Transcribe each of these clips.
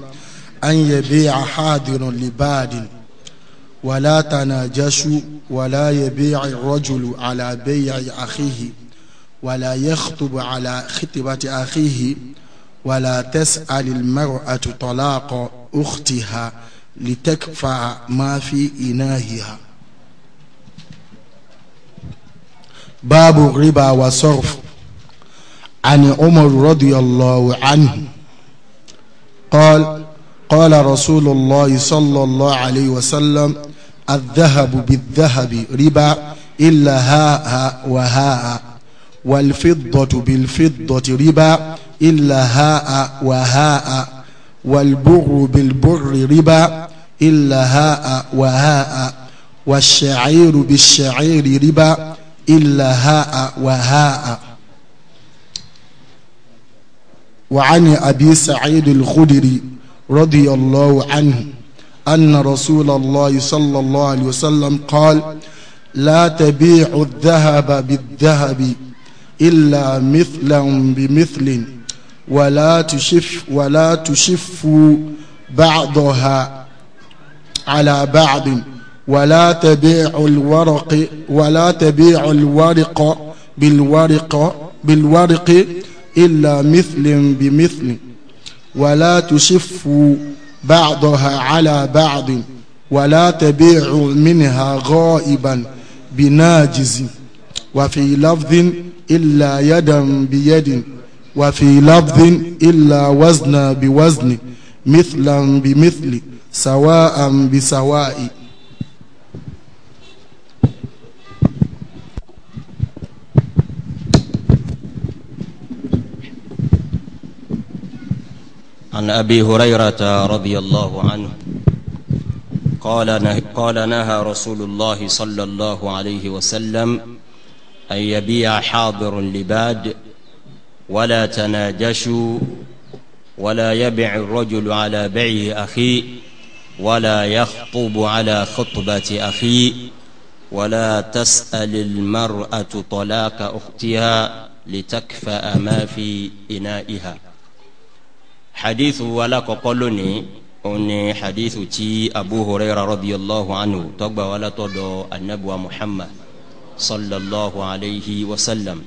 an yabi'a hadirun li badin wala tanajashu wala yabi'a rajulu ala bay'i akhihi wala yakhtubu ala khitbati akhihi wala tas'al al-mar'atu talaqa ukhtiha litakfa ma fi inahiha babu riba wa sarf عن عمر رضي الله عنه قال قال رسول الله صلى الله عليه وسلم الذهب بالذهب ربا إلا هاء وهاء والفضة بالفضة ربا إلا هاء وهاء والبر بالبر ربا إلا هاء وهاء والشعير بالشعير ربا إلا هاء وهاء وعن أبي سعيد الخدري رضي الله عنه أن رسول الله صلى الله عليه وسلم قال لا تبيع الذهب بالذهب إلا مثلا بمثل ولا تشف ولا تشف بعضها على بعض ولا تبيع الورق ولا تبيع الورق بالورق بالورق إلا مثل بمثل ولا تشفوا بعضها على بعض ولا تبيعوا منها غائبا بناجز وفي لفظ إلا يدا بيد وفي لفظ إلا وزنا بوزن مثلا بمثل سواء بسواء عن أبي هريرة رضي الله عنه قال نه قال نهى رسول الله صلى الله عليه وسلم أن يبيع حاضر لباد ولا تناجشوا ولا يبع الرجل على بيع أخيه ولا يخطب على خطبة أخيه ولا تسأل المرأة طلاق أختها لتكفأ ما في إنائها hadithu alakọ̀kọ́ lónìí òní hadithu ti abu hurairah radiyallahu anhu tọgbà wàlá tọdọ anabuwa muhammad sallallahu alayhi wa sallam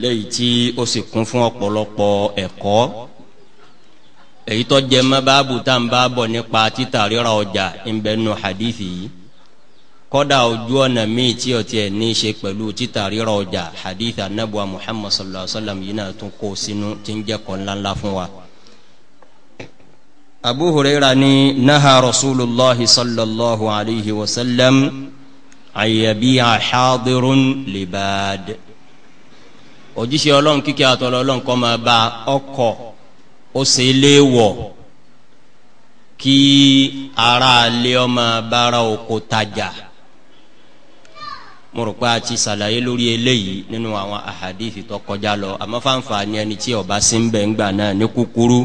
léyìí tí ó sì kún fún ọ̀pọ̀lọpọ̀ ẹ̀kọ́ èyí tó jẹ mọ́ báàbù tá à ń bá bọ̀ nípa títà ríra ọjà ńbẹ nù hadithi yìí kódà ojú ọ̀nà míì tí o tiẹ̀ ní í ṣe pẹ̀lú títà ríra ọjà hadith anabuwa muhammad sallallahu alayhi wa sallam yìí náà tún kó sínú tí ń jẹ́ kọ́ fún wa abu huraira ni naha rasulullahi sallallahu alaihi wasallam ayyabi'a hadirun libad òjíṣẹ́ ọlọ́run kíkẹ́ àtọ́lọ́ ọlọ́run kọ́ máa bá ọkọ̀ ó ṣe léèwọ̀ kí ara lé ọmọ bára oko tajà mo rò pé a ti ṣàlàyé lórí eléyìí nínú àwọn àhàdíìfì tó kọjá lọ àmọ́ fáǹfà ni ẹni tí ó sí ń bẹ̀ ń gbà náà ní kúkúrú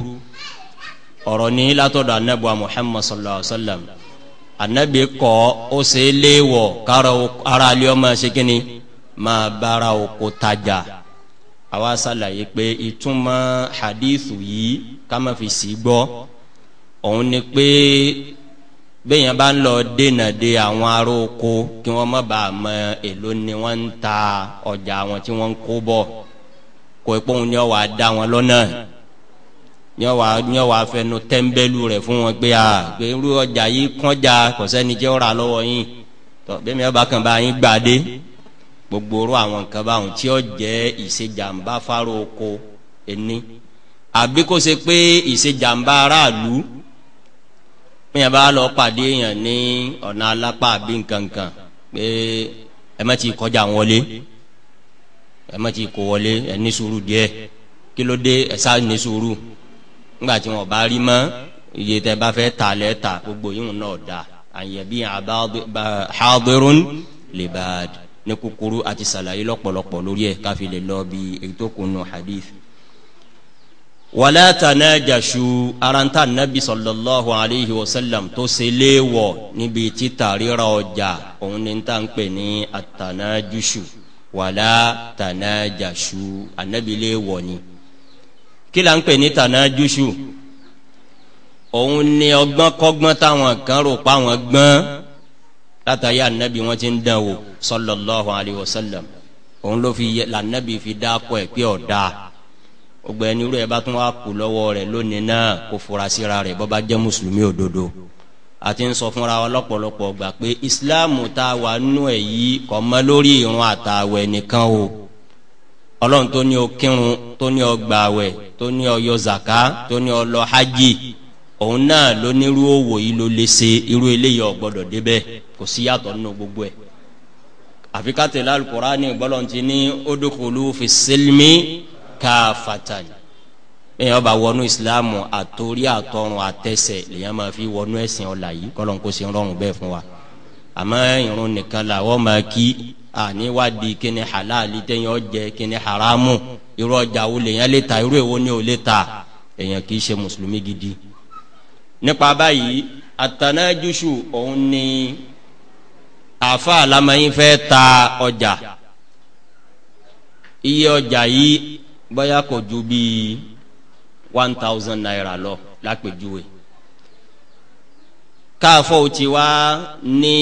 ọ̀rọ̀ ní látọ̀dọ̀ anábùa muhammad sallallahu alaihi wa sallam anabi kọ ó ṣe é léèwọ̀ kára ara ilé ọmọ ṣe kínní máa bára oko tajà àwa ṣàlàyé pé ìtumọ̀ hadithu yìí ká má fi sí gbọ́ òun ni pé bẹ́ẹ̀yàn bá ń lọ dènà de àwọn ará oko kí wọ́n má bàa mọ èlò ni wọ́n ń ta ọjà àwọn tí wọ́n ń kó bọ̀ kó ipò òun ni ọ̀ wá dá wọn lọ́nà yọ wà fẹnu tẹ́ńbẹ́lú rẹ̀ fún wọn pé a ah, pé irú ọjà yìí kọjá kọ̀sẹ́ni jẹ́ ọ̀rà lọ́wọ́ yín tọ́ bẹ́ẹ̀ mi ọba kan bá yín gbàdé gbogbo orú àwọn nǹkan báwọn tí ó jẹ́ ìṣèjàmbá fáró oko ẹni àbí kó ṣe pé ìṣèjàmbá aráàlú bẹ́ẹ̀ bá lọ pàdé èèyàn ní ọ̀nà alápá àbí nkankan pé ẹ ti kọjá wọlé ẹ ti kó wọlé ẹ ní sùúrù kí ló dé ẹ sá ní ńgbà tí wọn bá rí mọ́ iye tẹ bá fẹ́ ta lẹ́ ta gbogbo yìí náà da àyẹ̀bí àbáhàbẹ̀rún lè bá a ní kúkúrú àti sàlàyé lọ́pọ̀lọpọ̀ lórí ẹ̀ káfí lè lọ bí ètò kùnú hadith. wàlá tanajashu aráńtà nàbì sallallahu alayhi wa sallam tó ṣe léèwọ̀ níbi títà ríra ọjà òun ni ta ń pè ní atanajushu wàlá tanajashu ànábì léèwọ̀ ni kí la ń pè ní tanajushu òun ni ọgbọ́n kọ́gbọ́n táwọn kan rò pa gbọ́n látàrí ànábì wọn ti ń dán wò sallallahu alayhi wa sallam òun ló fi yẹ lànábì fi dá kọ ẹ pé ọ̀dà gbogbo ẹni irú ẹ bá tún wá kú lọ́wọ́ rẹ̀ lónìí náà kó fura síra rẹ̀ bọ́ bá jẹ́ mùsùlùmí òdodo àti ń sọ fúnra wa lọ́pọ̀lọpọ̀ gbà pé ìsìláàmù tá a wà nú ẹ̀ yìí kọ́ mọ́ lórí ìrun àtàwẹ̀ nìkan o ọlọ́run tó ní o kírun tó ní o gbààwẹ̀ tó ní o yọ zaka tó ní o lọ hajj òun náà ló nírú òwò yìí ló lè ṣe irú eléyìí ò gbọ́dọ̀ débẹ̀ kò sí yàtọ̀ nínú gbogbo ẹ̀ àfi ká tẹ̀lé alukurani gbọ́lọ́ntì ní odokolu fi silmi káfatan ẹ̀yìn ọba wọnú isilamu àtòrí àtọrun àtẹsẹ̀ lèyàn máa fi wọnú ẹ̀sìn ọ̀la yìí kọ́lọ́n kó ṣe ń rọrùn bẹ́ẹ̀ fún wa àmọ́ ìrun nìkan làwọn máa kí àní wá di kíni halali téèyàn jẹ kíni haramu irú ọjà wo lèèyàn lè ta irú èwo ni ò lè ta èèyàn kì í ṣe mùsùlùmí gidi nípa báyìí àtànájúṣù òun ni àfa àlámọyìn fẹ́ ta ọjà iye ọjà yìí bóyá kò ju bíi one thousand naira lọ lápèjúwe. La káfọ́ ò ti wá ní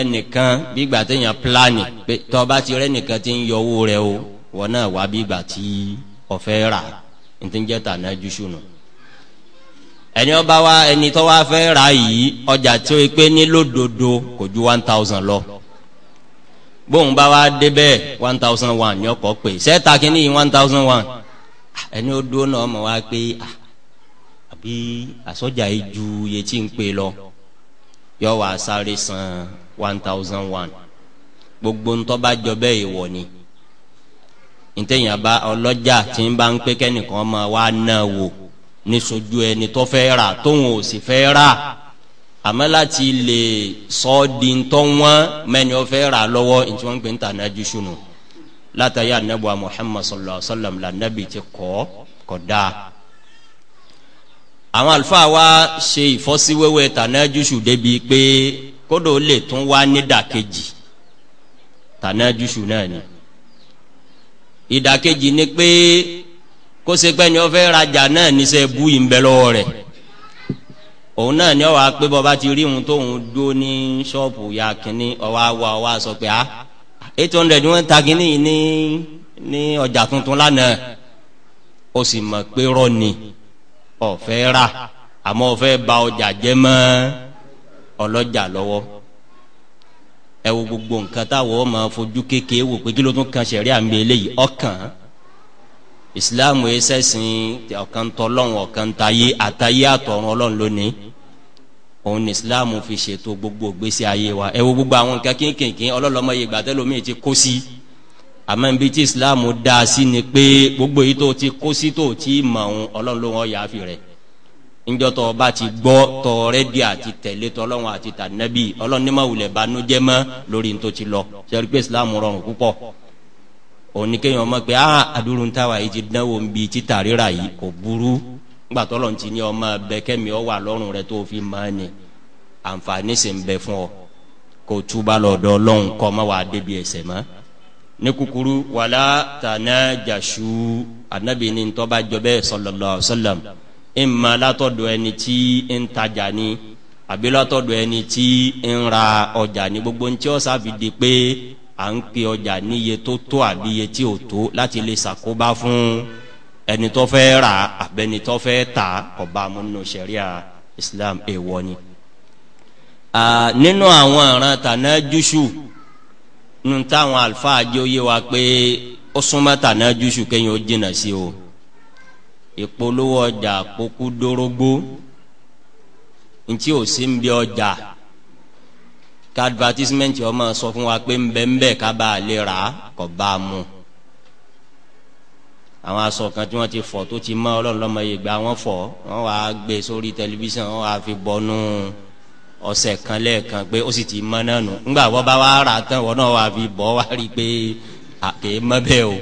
ẹnìkan bígbà téèyàn pílánì pé tọ́ba ti rẹ́ nìkan ti ń yọ owó rẹ o wọn náà wá bígbà tí ọ̀fẹ́ rà ní ń jẹ́ tànà jùṣùnà ẹni ọba wa ẹni tó wá fẹ́ rà yìí ọjà tí ó pé ní lódodo kò ju one thousand lọ bóun bá wa débẹ̀ one thousand one ni ọkọ̀ pé sẹ́ta kínní one thousand one ẹni ó dúró náà mọ̀ wá pé ah, àbí àsọjà yìí ju iye tí ń pè lọ yọ wà sáré san one thousand one gbogbo ntọ́ba jọ bẹ́ẹ̀ ìwọ ni ntẹ̀yìn bá ọlọ́jà tí ń bá ń pé kẹ́nìkan máa wá náà wò ní sojú ẹni tó fẹ́ rà tóun ò sì fẹ́ rà àmọ́ láti lè sọ ọ́ di ntọ́ wọn mẹ́ni ó fẹ́ rà lọ́wọ́ ntí wọ́n ń pè ń tà náà jùṣù nù látàrí anabu muhammad sallallahu alaihi wa sallam la nabi ti kọ́ kọ́ dáa àwọn àlùfáà wa ṣe ìfọ́síwẹ́wẹ́ tànájúṣù débi pé kódò lè tún wá nídàkejì tànájúṣù náà ni ìdàkejì ni pé kó ṣe pé ni wọ́n fẹ́ rajà náà níṣẹ́ bú ìmbẹ́lọ́wọ́ rẹ̀ òun náà ni ọwọ́ pé bọ́ba ti rí ohun tóun dúró ní ṣọ́ọ̀bù ya kínní ọwọ́ awọ ọwọ́ sọ pé a ah, eight hundred wọ́n ta kínní ní ní ọjà tuntun lánàá o sì mọ̀ pé rọ́ọ̀nì ọ̀fẹ́ rà àmọ́ ọ̀fẹ́ ba ọjà jẹ́ mọ́ ọlọ́jà lọ́wọ́ ẹ wo gbogbo nǹkan táwọn ọmọ fojú kékeré wò pé kí ló tún kan sẹ̀rí àmì eléyìí ọkàn ìsìláàmù ẹsẹ̀ sìn ọ̀kan tọ́lọ́run ọ̀kan tayé àtayé àtọ̀run ọlọ́run lónìí òun ní ìsìláàmù fi ṣètò gbogbo ìgbésí ayé wa ẹ gbogbo àwọn nǹkan kéékèèké ọlọ́lọ́mọ yìí gbàtẹ́ lómi ti kó sí i àmọ́ ibi tí islam dá sí ni pé gbogbo yìí tó ti kó sí tó ti mọ̀ ọ́n ọlọ́run ló wọ́n yà á fi rẹ̀ níjọ́ tó bá ti gbọ́ tó rẹ́dí àti tẹ̀lé tó ọlọ́run àti tànẹ́bí ọlọ́run ní máa wulẹ̀ banújẹ́ mọ́ lórí ní tó ti lọ sẹ́rí pé islam rọrùn púpọ̀ òní kéèyàn ọmọ pé ah àdúrú ń táwa yìí ti dánwò ń bi títà ríra yìí kò burú nígbà tó lọ́n ti ní ọmọ bẹ́kẹ́mi ọ wà lọ́rùn rẹ tó fi mọ́ ni àǹfààní sì ń bẹ fún ọ kò túbà lọ́dọ̀ ọlọ́run kọ́ ọmọ wa débi ẹ̀sẹ̀ mọ́ ní wala tana tànájàṣu anabi ní ntọ́ba jọbẹ́ sallallahu alaihi wasallam ìmọ̀ látọ̀dọ̀ ẹni tí ń tajà ni àbí látọ̀dọ̀ ẹni tí ń ra ọjà ni gbogbo ntí ọ̀sà fi di pé à ń pe ọjà níye tó tó àbí iye tí ò tó láti lè ṣàkóbá fún ẹni tó fẹ́ rà àbẹ́ni tó fẹ́ tà amúnú ṣẹ̀ríà Islam èèwọ̀ ni. nínú àwọn ọ̀ràn tànájúṣu nu táwọn àlùfáà jẹ́ òye wa pé ó súnmọ́ tànà júṣù kéyìn ó jìnà sí o ìpolówó ọjà kókú dórógbó ntí ò sí ń bí ọjà ká advertisement ọmọ sọ fún wa pé nbẹ́nbẹ́ ká bá a lè rà á kọ́ bá a mú àwọn aṣọ kan tí wọ́n ti fọ̀ tó ti mọ́ ọlọ́run lọ́mọ yìí gba wọ́n fọ̀ wọ́n wàá gbé sórí tẹlifíṣàn wọ́n wàá fi bọ́nú. No ọ̀sẹ̀ kan lẹ́ẹ̀kan pé ó sì ti mọ́ náà nù ńgbà wọ́n bá wá rà tán wọ́n náà wà fi bọ́ wá rí i pé àkè mọ́bẹ̀ o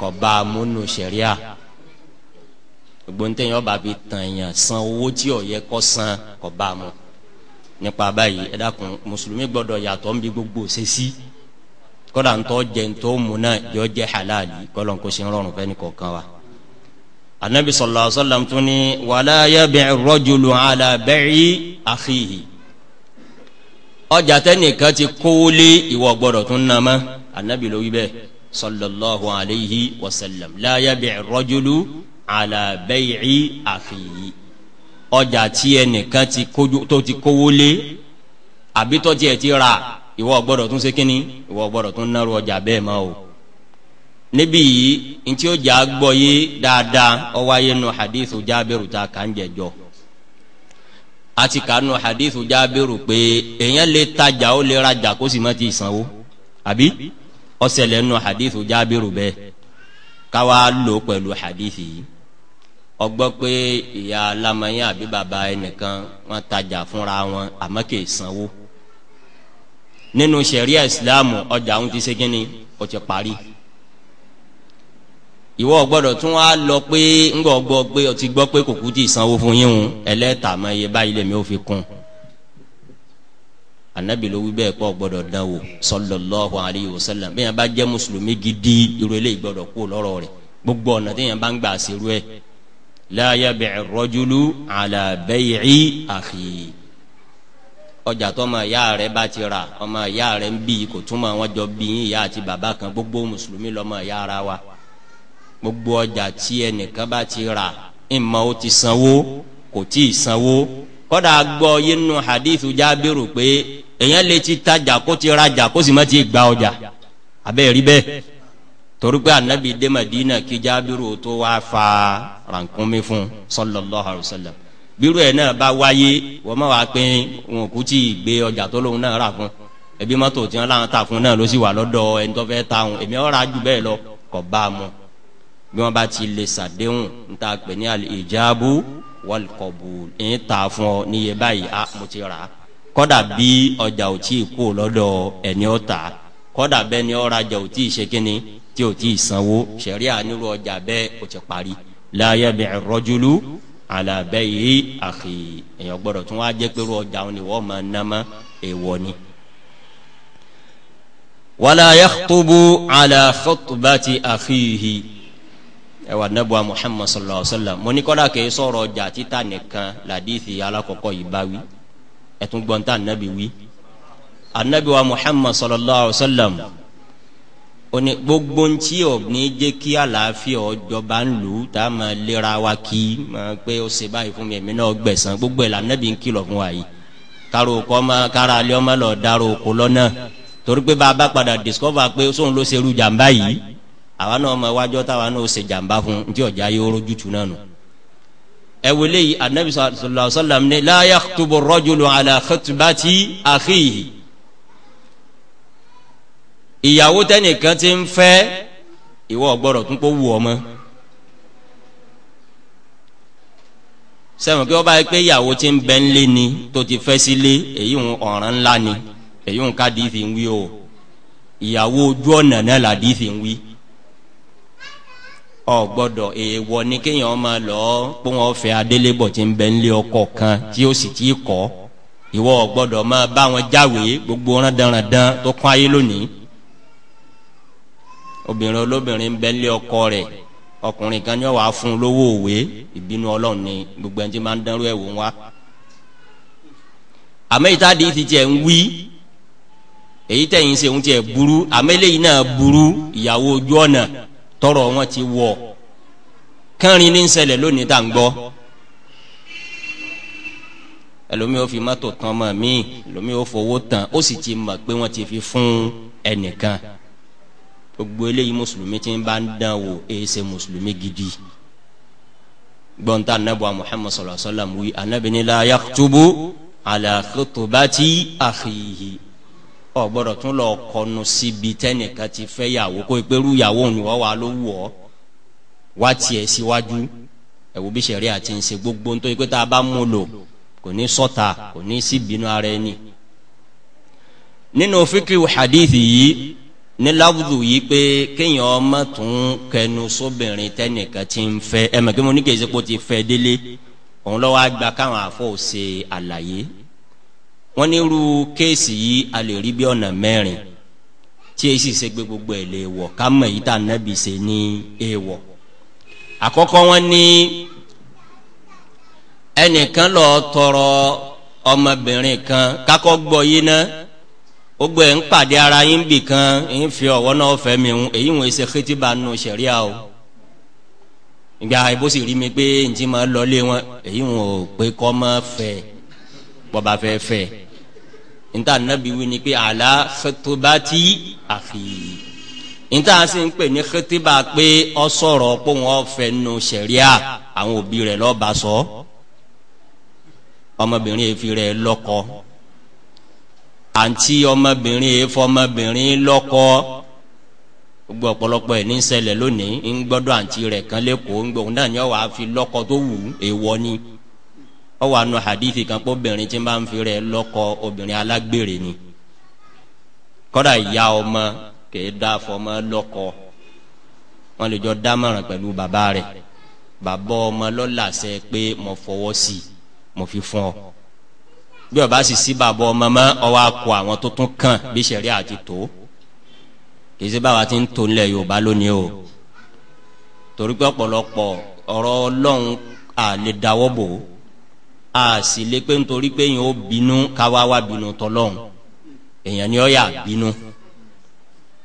kọ̀ bá a múnú sẹ̀ríà gbogbo ń tẹ̀yìn ọba fi tàn yàn san owó tí ò yẹ kọ́ san kọ̀ bá a mú nípa báyìí ẹ dákun mùsùlùmí gbọ́dọ̀ yàtọ̀ ń gbogbo ṣe sí kọ́dà ń tọ́ jẹ́ ń tó mú náà yọ jẹ́ halali kọ́lọ́n kó ṣe ń rọrùn fẹ́ni kọ̀ọ̀kan wa anabi sallallahu alaihi wasallam tún ní wala yabi'u rajulu ala bai'i akhihi ọjà tẹ́nìkan ti kówó lé ìwọ gbọ́dọ̀ tún nà mọ́ anabi ló wí bẹ́ẹ̀ sallallahu alaihi wasallam la yabi'u rajulu ala bai'i akhihi ọjà tí ẹnìkan tó ti kówó lé àbí ti rà ìwọ gbọ́dọ̀ tún ṣe kínní ìwọ tún nàró ọjà bẹ́ẹ̀ mọ́ o níbí yìí ntí ó jà gbọ́ yé dáadáa ó wáyé nu hadithu jábẹ́rù ta kà ń jẹjọ àti kà nu hadithu jábẹ́rù pé èèyàn lè tajà ó lè rajà kó sì má ti sanwó àbí ó ṣẹlẹ̀ nu hadithu jábẹ́rù bẹ́ẹ̀ káwa lò pẹ̀lú hadithi yìí ó gbọ́ pé ìyá alámọ̀yìn àbí bàbá ẹnìkan wọ́n tajà fúnra wọn àmọ́ kì í sanwó nínú ṣẹ̀ríà ìsìláàmù ọjà òun ti ṣe kínni ó ti parí ìwọ gbọ́dọ̀ tún wá lọ pé ńgbọ gbọ pé ọtí gbọ́ pé kò kú ti sanwó fún yín hun ẹlẹta mọ iye báyìí lèmi ò fi kún anabi ló wí bẹ́ẹ̀ pọ gbọ́dọ̀ dán wò sallallahu alayhi wa sallam bẹ́ẹ̀ yẹn bá jẹ́ mùsùlùmí gidi irú eléyìí gbọ́dọ̀ kú lọ́rọ̀ rẹ̀ gbogbo ọ̀nà tí yẹn bá ń gbà sírú ẹ̀ la yabi'u rajulu ala bay'i akhi ọjà tó ọmọ ìyá rẹ bá ti rà ọmọ ìyá rẹ ń bí kò túmọ̀ wọn jọ bí yín ìyá àti bàbá kan gbogbo mùsùlùmí lọmọ ìyá ara wa gbogbo ọjà tí ẹnìkan bá ti rà ìmọ̀ ó ti sanwó kò tí ì sanwó kọ́dà gbọ́ yínú hadith jábìrù pé èèyàn lè ti tajà kó ti rajà kó sì má ti gba ọjà abẹ́ rí bẹ́ẹ̀ torí pé anabi dé Madina kí jábìrù tó wá fa rànkúnmí fún sallallahu alayhi wa sallam bírú ẹ̀ náà bá wáyé wọ́n má wàá pín wọn kú tí ì gbé ọjà tó lóun náà rà fún ẹbí mọ́tò tí wọ́n láwọn ta fún náà ló sì wà lọ́dọ̀ ẹni tó fẹ́ ta òun èmi ọ̀rọ̀ àjù bẹ́ẹ̀ lọ kọ̀ bá a mọ́ bí wọn bá ti lè sàdéhùn n ta pè ní al-ijabu wal-qabul ń ta fún ọ níye báyìí a ah, mo ti rà á kọ́dà bí ọjà ò tí ì kú lọ́dọ̀ ẹni ó tà á kọ́dà bẹ́ẹ̀ ni ọ̀rajà ò tí ì ṣe kínní tí ò tí ì sanwó ṣẹ̀ríà nírú ọjà bẹ́ẹ̀ ó ti parí la yabi'u ar-rajulu ala bay'i akhi èèyàn gbọ́dọ̀ tún wá jẹ́ pé irú ọjà òun ni wọ́n máa ná mọ́ èèwọ̀ ni wala yakhtubu ala khutbati akhihi ẹwà nẹ́bùa muhammad sallallahu alayhi wa sallam mo ní kọ́dà kì í sọ̀rọ̀ ọjà títà nìkan làdíìsì alákọ̀ọ́kọ́ yìí bá wí ẹ̀tún gbọ́ntà nẹ́bi wí anabiwa muhammad sallallahu alayhi wa sallam oni gbogbo ntí o ní jẹ́ kí àlàáfíà ọjọba ń lù ú tá a máa lera wa kí máa pé ó ṣe báyìí fún mi èmi náà gbẹ̀sán gbogbo ẹ̀ la nẹ́bi ń kìlọ̀ fún wa yìí kára òkò ma kára alẹ́ ọmọ lọ dárò òkò lọ́nà torí pé bá a bá padà discover pé sóun ló ṣerú jàmbá yìí àwa náà ọmọ iwájọ́ táwa náà ó ṣe jàǹbá fún ntí ọjà yóò rojú tu náà ẹ wọlé yìí anabi sallallahu alayhi wa sallam ní la yakhtubu ar-rajulu ala khutbati akhihi. ìyàwó tẹnìkan ti ń fẹ́ ìwọ gbọ́dọ̀ tún kó wù ọmọ. sẹ́wọ̀n kí wọ́n bá yẹ pé ìyàwó ti ń bẹ́ ń lé ni tó ti fẹ́ sílé èyí ń ọ̀ràn ńlá ni èyí ń ká dìísì ń wí o ìyàwó ojú ọ̀nà náà là dìísì ń wí ọ gbọ́dọ̀ èèwọ̀ ni kéèyàn máa lọ pé wọn fẹ́ adélébọ̀ tí ń bẹ nílé ọkọ kan tí ó sì ti kọ ìwọ ọ gbọ́dọ̀ máa bá wọn jáwé gbogbo rándanrandan tó kún ayé lónìí obìnrin olóbìnrin ń bẹ nílé ọkọ rẹ̀ ọkùnrin kan ní ọwọ́ afún lówó òwe ìbínú Ọlọ́run ni gbogbo ẹni tí máa ń dánrú ẹwọ wá àmọ́ ìtàdí ti tiẹ̀ ń wí èyí tẹ̀yìn ṣe ń tiẹ̀ burú àmọ́ eléyìí náà burú ìyàwó ojú ọ̀nà tọrọ wọn ti wọ kẹrin ní ṣẹlẹ̀ lónìí tá à ń gbọ́ ẹlòmí ò fi mọ́tò tán mọ́ mi ẹlòmí ò fowó tán ó sì ti mọ̀ pé wọ́n ti fi fún ẹnìkan gbogbo eléyìí mùsùlùmí ti ń bá ń dán wò èyí mùsùlùmí gidi gbọ́ntà anabu muhammad sallallahu alayhi wa sallam wi anabi ni la ala khutubati akhihi ọ gbọ́dọ̀ tún lọ kọnu síbi tẹnìkan ti fẹ́ yàwó kó ìpẹrù yàwó ni wọn wà ló wù ọ wá tiẹ̀ síwájú ẹwù bí sẹrí àti ń ṣe gbogbo nítorí pé tá a bá mú lò kò ní sọta kò ní síbínú ara ẹni. nínú fíkìrì hadithi yìí ní láwùjọ yìí pé kéèyàn ọmọ tún kẹnu sóbìnrin tẹnìkan ti ń fẹ́ ẹ mọ̀ kí mo ní kí èsì kó ti fẹ́ délé òun lọ́wọ́ àgbà káwọn àfọ̀ ṣe àlàyé wọ́n ní irú kéèsì yìí a lè rí bí ọ̀nà mẹ́rin tí e sì ṣe gbé gbogbo ẹ̀ lè wọ̀ ká mọ̀ èyí tá nábì ṣe ní èèwọ̀ àkọ́kọ́ wọ́n ní ẹnìkan lọ tọrọ ọmọbìnrin kan kakọ́ gbọ́ yín náà ó gbọ́ ẹ̀ ń pàdé ara yín bì kan ń fi ọ̀wọ́ náà fẹ́ mi ń èyí wọn ṣe kétíba nù sẹ̀ríà o ìgbà ìbó rí mi pé ntí máa lọ wọn èyí wọn ò pé kọ́ máa fẹ́ ẹ̀ bọ́ba fẹ́ fẹ́ níta nàbí wí ni pé àlá kẹtùbátì àfi níta sì ń pè ní kẹtùbà pé ọ sọ̀rọ̀ pé wọ́n fẹ́ nu sẹ̀ríà àwọn òbí rẹ̀ lọ́ba sọ ọmọbìnrin èéfi rẹ̀ lọ́kọ àǹtí ọmọbìnrin èéfọmọbìnrin lọ́kọ gbogbo ọ̀pọ̀lọpọ̀ ẹ̀ ní ṣẹlẹ̀ lónìí ń gbọ́dọ̀ àǹtí rẹ̀ kan lẹ́kọ̀ọ́ ń gbọ́ òun náà ni ọ̀ fi lọ́kọ tó wù ú èèwọ̀ ni ó wà nù hadithi kan pé obìnrin tí ń bá ń fi rẹ̀ obìnrin alágbèrè ni kódà ìyá ọmọ kì í dá fọmọ lọ́kọ wọn lè jọ dámọ̀ràn pẹ̀lú bàbá rẹ̀ bàbá ọmọ lọ́làṣẹ pé mo fọwọ́ sí i mo fi fún ọ bí ó bá sì sí bàbá ọmọ mọ́ ọ kó àwọn tó kàn bí sẹ̀rí àti tó kì í báwa ti ń tó nílẹ̀ Yorùbá lónìí o torí pé ọ̀pọ̀lọpọ̀ ọ̀rọ̀ Ọlọ́run à lè bò ó a sì le pé nítorí pé yẹn ó bínú káwá wá bínú tọlọ́hún èèyàn ni ó yà bínú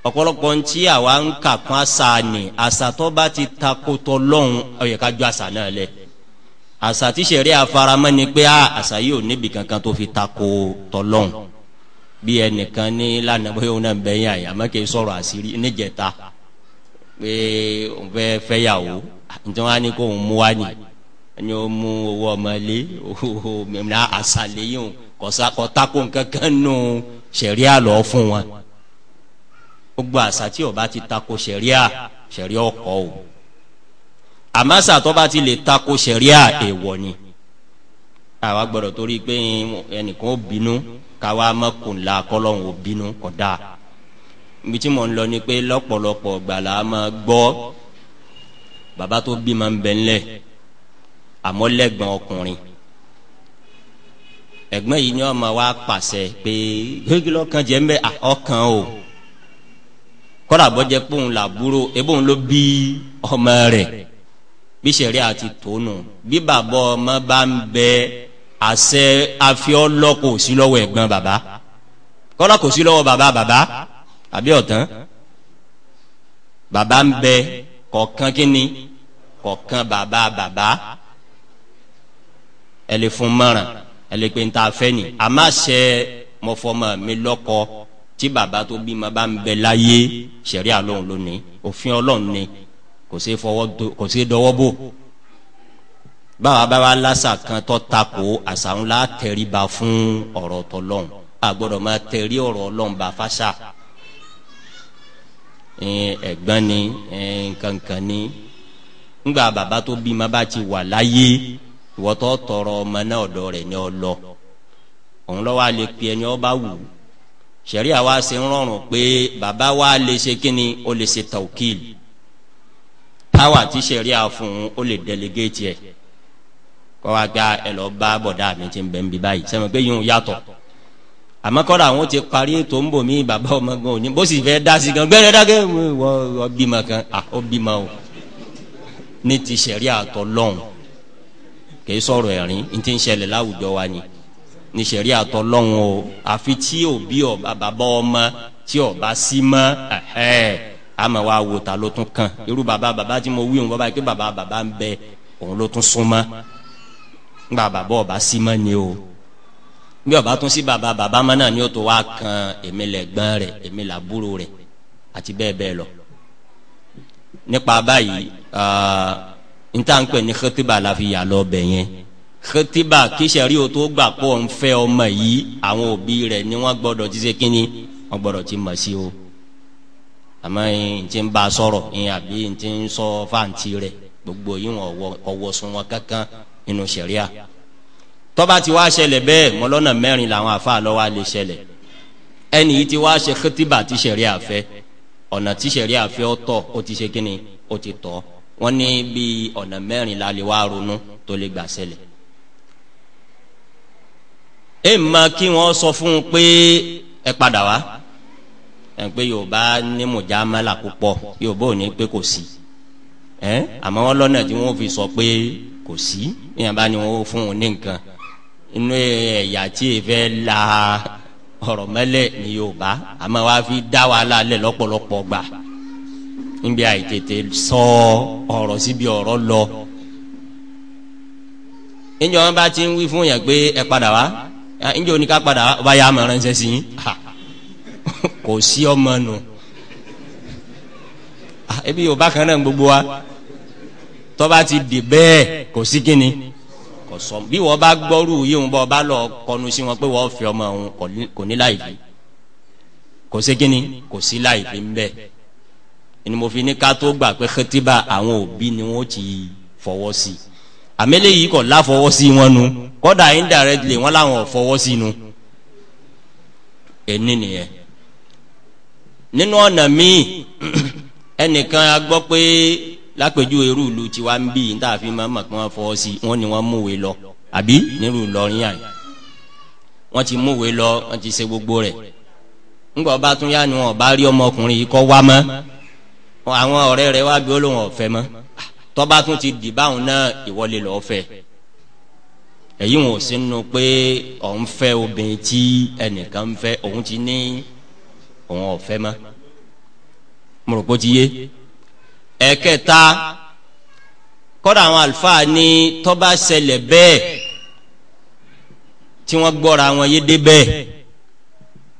ọ̀pọ̀lọpọ̀ ń tí àwa ń kà kún àṣà ni àṣà tó bá ti takò tọlọ́hún ó ká ju àṣà náà lẹ̀ àṣà tí sẹ̀rí àfaramọ́ ni pé àṣà yìí ò níbi kankan tó fi takò tọlọ́hún bí ẹnìkan ní lánàá bóyá òun náà bẹ̀yìn àyà mẹ́kẹ́ sọ̀rọ̀ àṣírí níjẹta pé òun fẹ́ fẹ́yàwó mú ẹni o mú owó ọmọlé owó mìíràn àṣàléyìn kọ̀tàkó kankan nù sẹ̀ríà lọ fún wọn gbogbo àṣà tí ó bá ti tako sẹ̀ríà sẹ̀ríà ọkọ̀ o àmásà tó bá ti lè tako sẹ̀ríà èèwọ̀ ni àwa gbọ́dọ̀ torí pé ẹnìkan ó bínú káwa mọ́kùnlá kọ́lọ́hún ó bínú kódà ibi tí mò ń lọ ni pé lọ́pọ̀lọpọ̀ gbàlá máa gbọ́ bàbá tó bí máa ń bẹ̀ ńlẹ̀ àmọ́ lẹ́gbọ̀n ọkùnrin ẹ̀gbọ́n yìí ni wọ́n máa wá pàṣẹ pé gbégilọ́ kan jẹ́ mbẹ́ ah, ọkàn o kọ́dà bọ́jẹ́ pé òun làbúrò ebó òun ló bí ọmọ rẹ̀ bí sẹ̀rí àti tónù bí bàbá ọmọ bá ń bẹ àṣẹ afiọ́lọ́ kò sí lọ́wọ́ ẹ̀gbọ́n bàbá kọ́dà kò sí lọ́wọ́ bàbá bàbá àbí ọ̀tán bàbá ń bẹ kọ̀ọ̀kan kínni kọ̀ọ̀kan bàbá bàbá ẹ lè fún mọ̀ràn ẹ lè pe n ta fẹ́ ni a má ṣe mọ̀fọ́mọ̀ mi lọ́kọ tí bàbá tó bí ma bá ń bẹ láyé ṣẹ̀ríà lọ́hùn lónìí òfin ọlọ́run ni kò sí fọwọ́ kò sí dọwọ́ bò báwa bá wa kan tó takò àṣàhùn la tẹríba fún ọ̀rọ̀ tọlọ́hùn a gbọ́dọ̀ máa tẹrí ọ̀rọ̀ ọlọ́run bá fáṣà ẹ̀gbọ́n ni nkankan ni tó bí ma bá ti wà láyé ìwọ́tọ́ tọrọ ọmọ náà ọ̀dọ̀ rẹ̀ ni ọ lọ òun lọ́wọ́ a lè pe ẹni ọba wù sẹ̀rí àwa ṣe ń rọrùn pé bàbá wa lè ṣe kíni ó lè ṣe tawkil táwa ti sẹ̀rí àfún ó lè delegate ẹ̀ kọ́ wa gba ẹ lọ bá bọ̀dá mi ti ń bẹ̀ ń bí báyìí sẹ́mi pé yín yàtọ̀ àmọ́ kọ́ra àwọn ti parí ètò ń bò mí bàbá ọmọ gan òní bó sì fẹ́ dá sí gan gbẹ́rẹ́ dákẹ́ wọ́n bímọ kan ó bímọ o ní ti sẹ̀rí àtọ̀ lọ́hùn kìí sọ̀rọ̀ ẹ̀rín ní ti ń ṣẹlẹ̀ láwùjọ wa ni ní sẹ̀rí àtọ̀ lọ́hùn o àfi tí òbí ọba bàbá ọmọ tí ọba sí mọ́ ẹ̀hẹ́ àmọ́ wa wò ta ló tún kàn irú bàbá bàbá tí mo wí òun bàbá yìí pé bàbá bàbá ń bẹ òun ló tún súnmọ́ nígbà bàbá ọba sí mọ́ ni o bí ọba tún sí bàbá bàbá mọ́ náà ni ó tó wá kan èmi lẹ̀gbọ́n rẹ̀ èmi làbúrò rẹ̀ àti bẹ́ẹ̀ bẹ́ẹ̀ lọ nípa báyìí. Uh, níta ń xetiba la fi yà lọ bẹ̀ yẹn xetiba kíṣẹ̀rí o tó gbà pọ̀ ń fẹ́ ọmọ yìí àwọn òbí rẹ̀ ni wọ́n gbọ́dọ̀ ti ṣe kínní wọ́n gbọ́dọ̀ ti mọ̀ sí o àmọ́ n ti ń ba sọ̀rọ̀ n àbí n ti ń sọ fáǹtì rẹ̀ gbogbo yìí wọn ọwọ́ sun wọn kankan nínú ṣẹ̀ríà tọ́ba ti wá ṣẹlẹ̀ bẹ́ẹ̀ mọ́lọ́nà mẹ́rin làwọn àfáà lọ́wọ́ á lè ẹni yìí ti wá ṣe xetiba ti ṣẹ̀ríà fẹ́ ọ̀nà ti ṣẹ̀ríà fẹ́ ọ̀tọ̀ ó ti ṣe kínní ó ti tọ́ wọ́n ní bí ọ̀nà mẹ́rin la lè wá ronú tó lè gbà ṣẹlẹ̀ ẹ má kí wọ́n sọ fún un pé ẹ padà wá ẹ pé yorùbá ní mùjámálà púpọ̀ yorùbá ò ní pé kò sí ẹ àmọ́ wọn lọ́nà tí wọ́n fi sọ pé kò sí ìyẹn bá ní wọ́n fún un ní nǹkan inú ẹ̀yà tí ẹ fẹ́ la ọ̀rọ̀ mẹ́lẹ̀ ní yorùbá àmọ́ wàá fi dá wàhálà lẹ̀ lọ́pọ̀lọpọ̀ gbà níbi àìtètè sọ ọ̀rọ̀ síbi ọ̀rọ̀ lọ. níjọ́ wọn bá ti ń wí fún yẹn pé ẹ padà wá níjọ́ ah, oníkà padà wá ọba yà á máa ránṣẹ́ sí yín ah, kò sí ọmọ nù ah, ebi yorùbá kan náà gbogbo wa tọ́ba ti di bẹ́ẹ̀ kò sí kíni kò sọ bí wọ́n bá gbọ́rù yìí wọn bá ọba lọ kọnu sí wọn pé wọ́n fi ọmọ òun kò ní láì fi kò sí kíni kò sí láì fi ń bẹ́ẹ̀ ni mo fi ní ká tó gbà pé xetiba àwọn òbí ni wọ́n ti fọwọ́ sí i àmẹ́lẹ́ yìí kọ̀ láfọwọ́ sí wọn nu kọ́dà indirectly wọn làwọn fọwọ́ sí nu ẹni nìyẹn nínú ọ̀nà míì ẹnìkan a gbọ́ pé lápẹjù irú ìlú tiwa ń bí yìí tààfin máa mọ̀ pé wọ́n fọwọ́ sí wọn ni wọ́n múwe lọ àbí nírú Ìlọrin yàn wọ́n ti múwe lọ wọ́n ti ṣe gbogbo rẹ̀ ńgbọ́ bá tún yá ni wọn bá rí ọmọkùnrin yìí kọ́ wá mọ́ àwọn ọ̀rẹ́ rẹ̀ wá gbé olóhùn ọ̀fẹ́ mọ́ tọ́ba tún ti dì báwọn náà ìwọlé lọ́ọ́ fẹ́ èyí wọn ò sí nu pé òun fẹ́ obìnrin tí ẹnìkan fẹ́ òun ti ní òun ọ̀fẹ́ mọ́ mo rò pé ó ti yé ẹ̀kẹta kọ́dà àwọn àlùfáà ní tọ́ba ṣẹlẹ̀ bẹ́ẹ̀ tí wọ́n gbọ́ra wọn yé dé bẹ́ẹ̀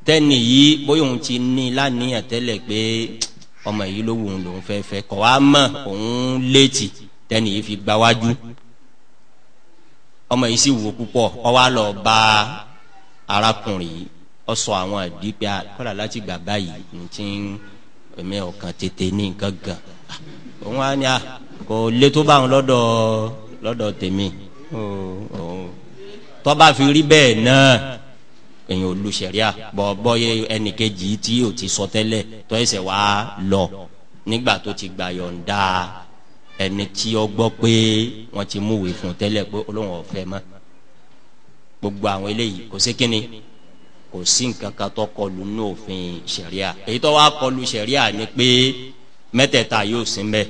tẹ́nì yìí bóyá òun ti ní lánìyàn tẹ́lẹ̀ pé ọmọ yìí ló wù ú lòún fẹ́ fẹ́ kọ́ wa mọ̀ òun létí tẹ́ni yìí fi gbáwájú ọmọ yìí sì wù púpọ̀ ọ wá lọ bá arákùnrin yìí ọ sọ àwọn àdí pé ah, kọ́lá láti gbà báyìí ní ti ń ẹ̀mí ọ̀kan tètè ní nǹkan ah, òun á ní a ah, kò lé tó bá wọn lọ́dọ̀ lọ́dọ̀ tèmi tọ́ba fi rí bẹ́ẹ̀ náà èyàn olùsẹ̀ríà bọ̀ bọ́yé ẹnìkejì tí o ti sọ tẹ́lẹ̀ tó ẹsẹ̀ wá lọ nígbà tó ti gbà yọ̀ǹda ẹni tí ó gbọ́ pé wọ́n ti múwèé fún tẹ́lẹ̀ pé olóhùn ọ̀fẹ́ mọ́ gbogbo àwọn eléyìí kò sí kínni kò sí nǹkan kan tó kọlu ní òfin sẹ̀ríà èyí tó wá kọlu sẹ̀ríà ni pé mẹ́tẹ̀ẹ̀ta yóò sí mbẹ́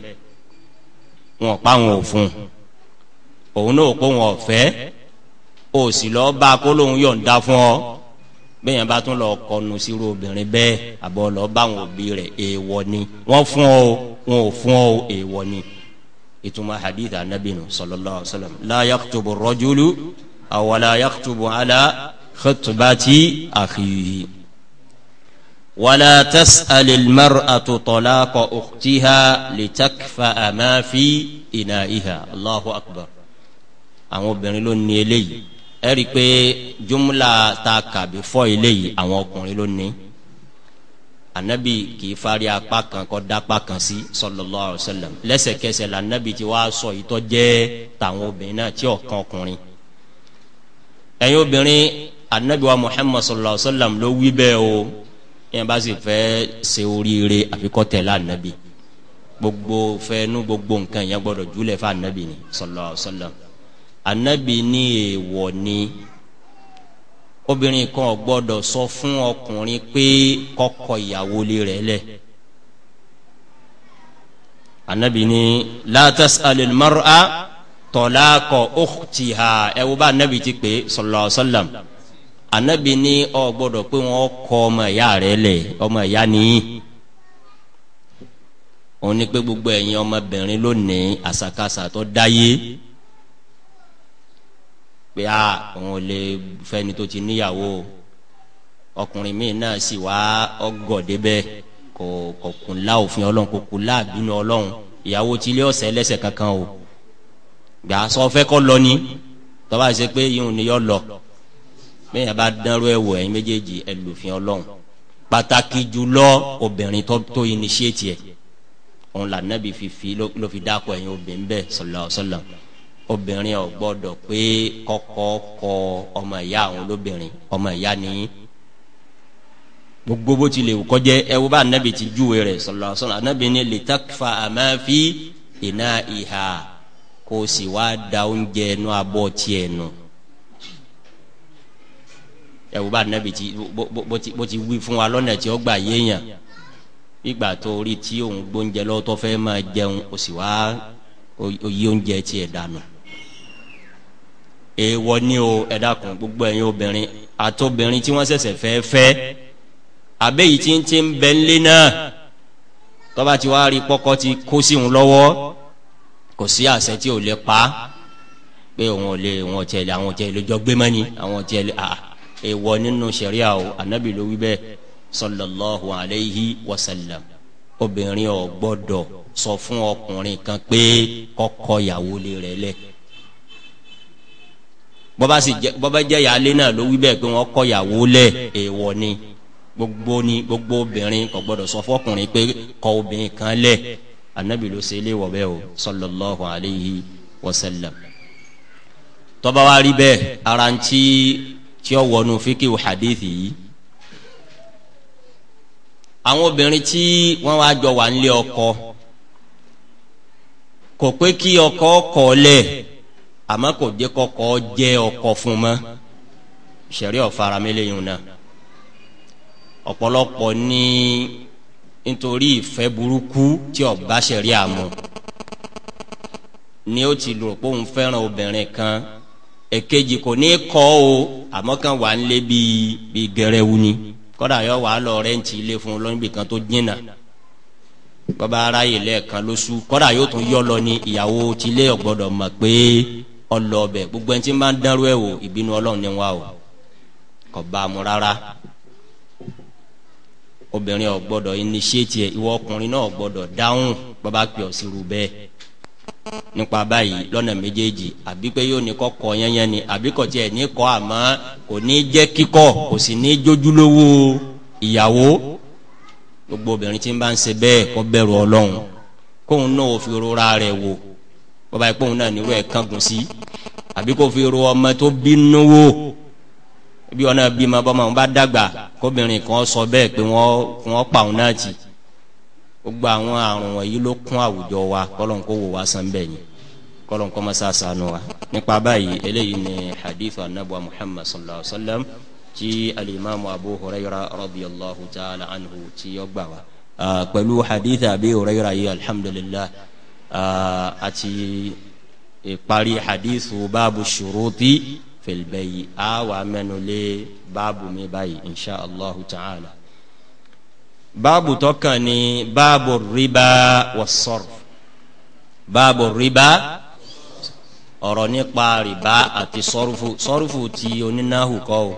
wọn pa wọn ò òun náà kó wọn ọ̀fẹ́ òsì lọ́ọ́ bá a yọ̀ǹda fún ọ bẹ́ẹ̀ yẹn bá tún lọ kọnu sírú obìnrin bẹ́ẹ̀ àbọ̀ lọ bá àwọn òbí rẹ̀ èèwọ̀ ni wọ́n fún ọ wọn ò fún ọ èèwọ̀ ni ìtumọ̀ hadith anabinu sallallahu alayhi wa sallam la yaktubu rajulu awala yaktubu ala khutbati akhihi wala tas'al maratu talaqa ukhtiha litakfa'a ma fi ina'iha allahu akbar àwọn obìnrin ló ní eléyìí ẹ pé jumla ta kàbí fọ́ ilé yìí àwọn ọkùnrin ló anabi kì í fari apá kan kọ́ da apá kan sí sallallahu alaihi wasallam lẹ́sẹ̀kẹsẹ̀ la anabi ti wá sọ ìtọ́ jẹ́ tàwọn obìnrin náà tí ọ̀kan ọkùnrin ẹ̀yin obìnrin anabi wa muhammad sallallahu alaihi wasallam ló wí bẹ́ẹ̀ o yẹn bá sì fẹ́ ṣe oríire àfikọ́ tẹ̀lé anabi gbogbo fẹ́ẹ́nu gbogbo nǹkan yẹn gbọ́dọ̀ júlẹ̀ fún anabi ni sallallahu alaihi anabi ní èèwọ̀ ni obìnrin kan gbọ́dọ̀ sọ fún ọkùnrin pé kọkọ ìyàwó lé rẹ̀ lẹ̀ anabi ní la tas'alil mar'a talaqa ukhtiha ẹ wo bá anabi ti pè sallallahu alaihi wasallam anabi ní ọ gbọ́dọ̀ pé wọn kọ ọmọ ìyá rẹ̀ lẹ̀ ọmọ ìyá nìyí òun ni pé gbogbo ẹ̀yin ọmọbìnrin lónìí àṣàkáṣà tó dáyé pé a ah, òun ò lè fẹ́ni tó ti níyàwó ọkùnrin míì náà sì wá ọgọdẹ bẹ́ẹ̀ kò kò kún lá òfin Ọlọ́run kò kún lá àbínú Ọlọ́run ìyàwó tí ilé ọsẹ lẹsẹ kankan o gbà sọ fẹ kọ lọ ni tọba ṣe pé yìí ò ní yọ lọ bẹ́ẹ̀ bá dánrú ẹ wò méjèèjì ẹ lòfin pàtàkì jùlọ obìnrin tó tó initiate yẹ òun là nàbì fífi ló fi dáko ẹ̀yin obìnrin bẹ́ẹ̀ sallallahu sallam obìnrin ò pé kọ́kọ́ kọ ọmọ ìyá àwọn olóbìnrin ọmọ ìyá ni gbogbo bó ti lè wù kọjẹ ẹ wo bá anabi ti júwe rẹ̀ sọlọ sọlọ anabi ni lè takfa àmàfi iná ìhà kó o sì wá da oúnjẹ inú abọ́ tiẹ̀ nù ẹ wo bá anabi ti bó ti wí fún wa lọ́nà tí ó gbà yéèyàn ìgbà tó rí tí òun gbóúnjẹ lọ́wọ́ tó fẹ́ máa jẹun o sì wá oyé oúnjẹ tiẹ̀ dànù èèwọ̀ ni o ẹ dákun gbogbo ẹ̀yin obìnrin àtobìnrin tí wọ́n ṣẹ̀ṣẹ̀ fẹ́ fẹ́ àbẹ́yìí tí ń ti ń bẹ ńlé náà tọ́ba ti wá rí pọ́kọ́ ti kó sí òun lọ́wọ́ kò sí àṣẹ tí ò lè pa pé òun ò lè òun ọ̀tí ẹ̀lẹ́ àwọn ọ̀tí ẹ̀lẹ́ gbé mọ́ni àwọn ọ̀tí ẹ̀lẹ́ à èèwọ̀ nínú ṣẹ̀ríà o ànábì ló wí bẹ́ẹ̀ sallallahu alayhi wa sallam obìnrin ò gbọ́dọ̀ sọ fún ọkùnrin kan pé kọ́kọ́ yàwó bọ́bá si, jẹ bọ́bá jẹ́ ìyáálé náà ló wí bẹ́ẹ̀ pé wọ́n kọ́ ìyàwó lẹ̀ èèwọ̀ ni gbogbo ni gbogbo obìnrin kò gbọdọ̀ sọ fọkùnrin pé kọ obìnrin kan lẹ̀ anabi ló ṣe é léwọ̀ bẹ́ẹ̀ o sallallahu alayhi wa sallam tọ́ba wa rí bẹ́ẹ̀ ara ń tí tí ó wọnú fíkì hadithi yìí àwọn obìnrin tí wọ́n wá jọ wà nílé ọkọ kò pé kí ọkọ kọ̀ lẹ̀ àmọ́ kò jẹ́ kọ́kọ́ jẹ́ ọkọ fún mọ́ sẹ̀rí ọ̀faramẹ́lẹ̀ yìí náà ọ̀pọ̀lọpọ̀ ní nítorí ìfẹ́ burúkú tí ọba sẹ̀rí àmọ́ ni ó ti lò pé òun fẹ́ràn obìnrin kan èkejì kò ní kọ́ o àmọ́ kan wà ń lé bíi bíi gẹrẹwu ni kọ́dà yọ wà lọ rẹ́ǹtì ilé fún un lọ́nbì kan tó jìnnà bàbá aráyè lẹ́ẹ̀kan lóṣù kọ́dà yóò tún yọ lọ ní ìyàwó tilé ọ̀gbọ́dọ̀ mọ̀ pé ọlọ́ọ̀bẹ gbogbo ẹni tí ń bá ń dánrú ẹ̀ wò ìbínú ọlọ́run ni wà o kò bá a mú rárá obìnrin ò gbọ́dọ̀ initiate ẹ ìwọ ọkùnrin náà ò dáhùn bàbá pè ọ sí irú bẹ́ẹ̀ nípa báyìí lọ́nà méjèèjì àbí pé yóò ní kọ́ yẹnyẹn ni àbí kò tiẹ̀ ní kọ́ àmọ́ kò ní jẹ́ kíkọ́ kò sì ní jójúlówó ìyàwó gbogbo obìnrin tí ń bá ń ṣe bẹ́ẹ̀ kó bẹ̀rù ọlọ́run kóun náà ò fi rora rẹ̀ wò bọ́ba ìpò òun náà nírú ẹ̀ kángun sí àbí kò fi ro ọmọ tó bínú wò bí ọ̀nà bímọ bọ́mọ òun bá dàgbà kóbìnrin kan sọ bẹ́ẹ̀ pé wọ́n wọ́n pa òun náà tì gbogbo àwọn àrùn wọ̀nyí ló kún àwùjọ wa kọ́lọ́n kó wò wá san bẹ́ẹ̀ ni kọ́lọ́n kó máa sàṣàánú wa nípa báyìí eléyìí ni hadith anabuwa muhammad sallallahu alaihi wa sallam ti alimami abu huraira radiyallahu ta'ala anhu ti yọgbà wa pẹ̀lú hadith abi huraira yìí alhamdulilayi. Ah, àti ìparí hadithu báàbù ṣuruti fil bay'i á wà mẹ́nu lé báàbù mi báyìí insha allah ta'ala báàbù tọkàn ni báàbù riba was-sarf báàbù riba ọ̀rọ̀ nípa rìbá àti sọ́rùfù sọ́rùfù ti onínáhù kọ́ o.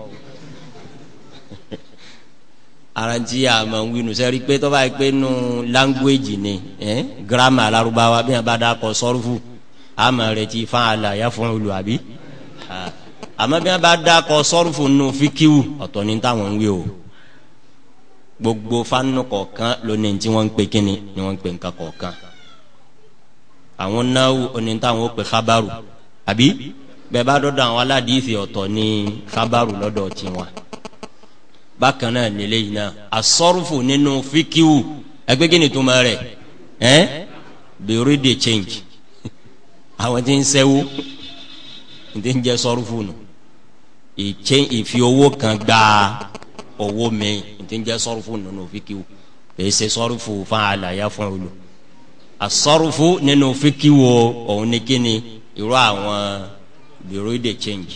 Aranti àmọ́ wínú sẹ́rí pé tọ́ba yìí pé nù language ni eh? grammar alárúbáwá bí wọn bá dà kọ sọ́rùfù àmọ́ rẹ̀ ti fún àlàyé fún olù àbí àmọ́ bí wọn bá dà kọ sọ́rùfù nù fíkíwù ọ̀tọ̀ ní táwọn ń wí o gbogbo fanu kọ̀ọ̀kan lónìí tí wọ́n ń pè kíni ni wọ́n ń pè nǹkan kọ̀ọ̀kan àwọn náwó oní táwọn ó pè kábàrù àbí bẹ́ẹ̀ bá dọ́dọ̀ àwọn aládìísì ọ̀tọ̀ ní kábàrù lọ́dọ̀ tiwọn. bákan náà nílé yìí náà asọ́rùfù nínú fíkíwù ẹgbẹ́ kí ni tuma rẹ̀ ẹ́ bèrè de change àwọn tí ń sẹ́wó tí ń jẹ́ sọ́rùfù nù ìfi owó kan gba owó mi tí ń jẹ́ sọ́rùfù nínú fíkíwù kìí ṣe sọ́rùfù fún àlàyé fún olù asọ́rùfù nínú fíkíwù òun ni kí ni irú àwọn bèrè de change.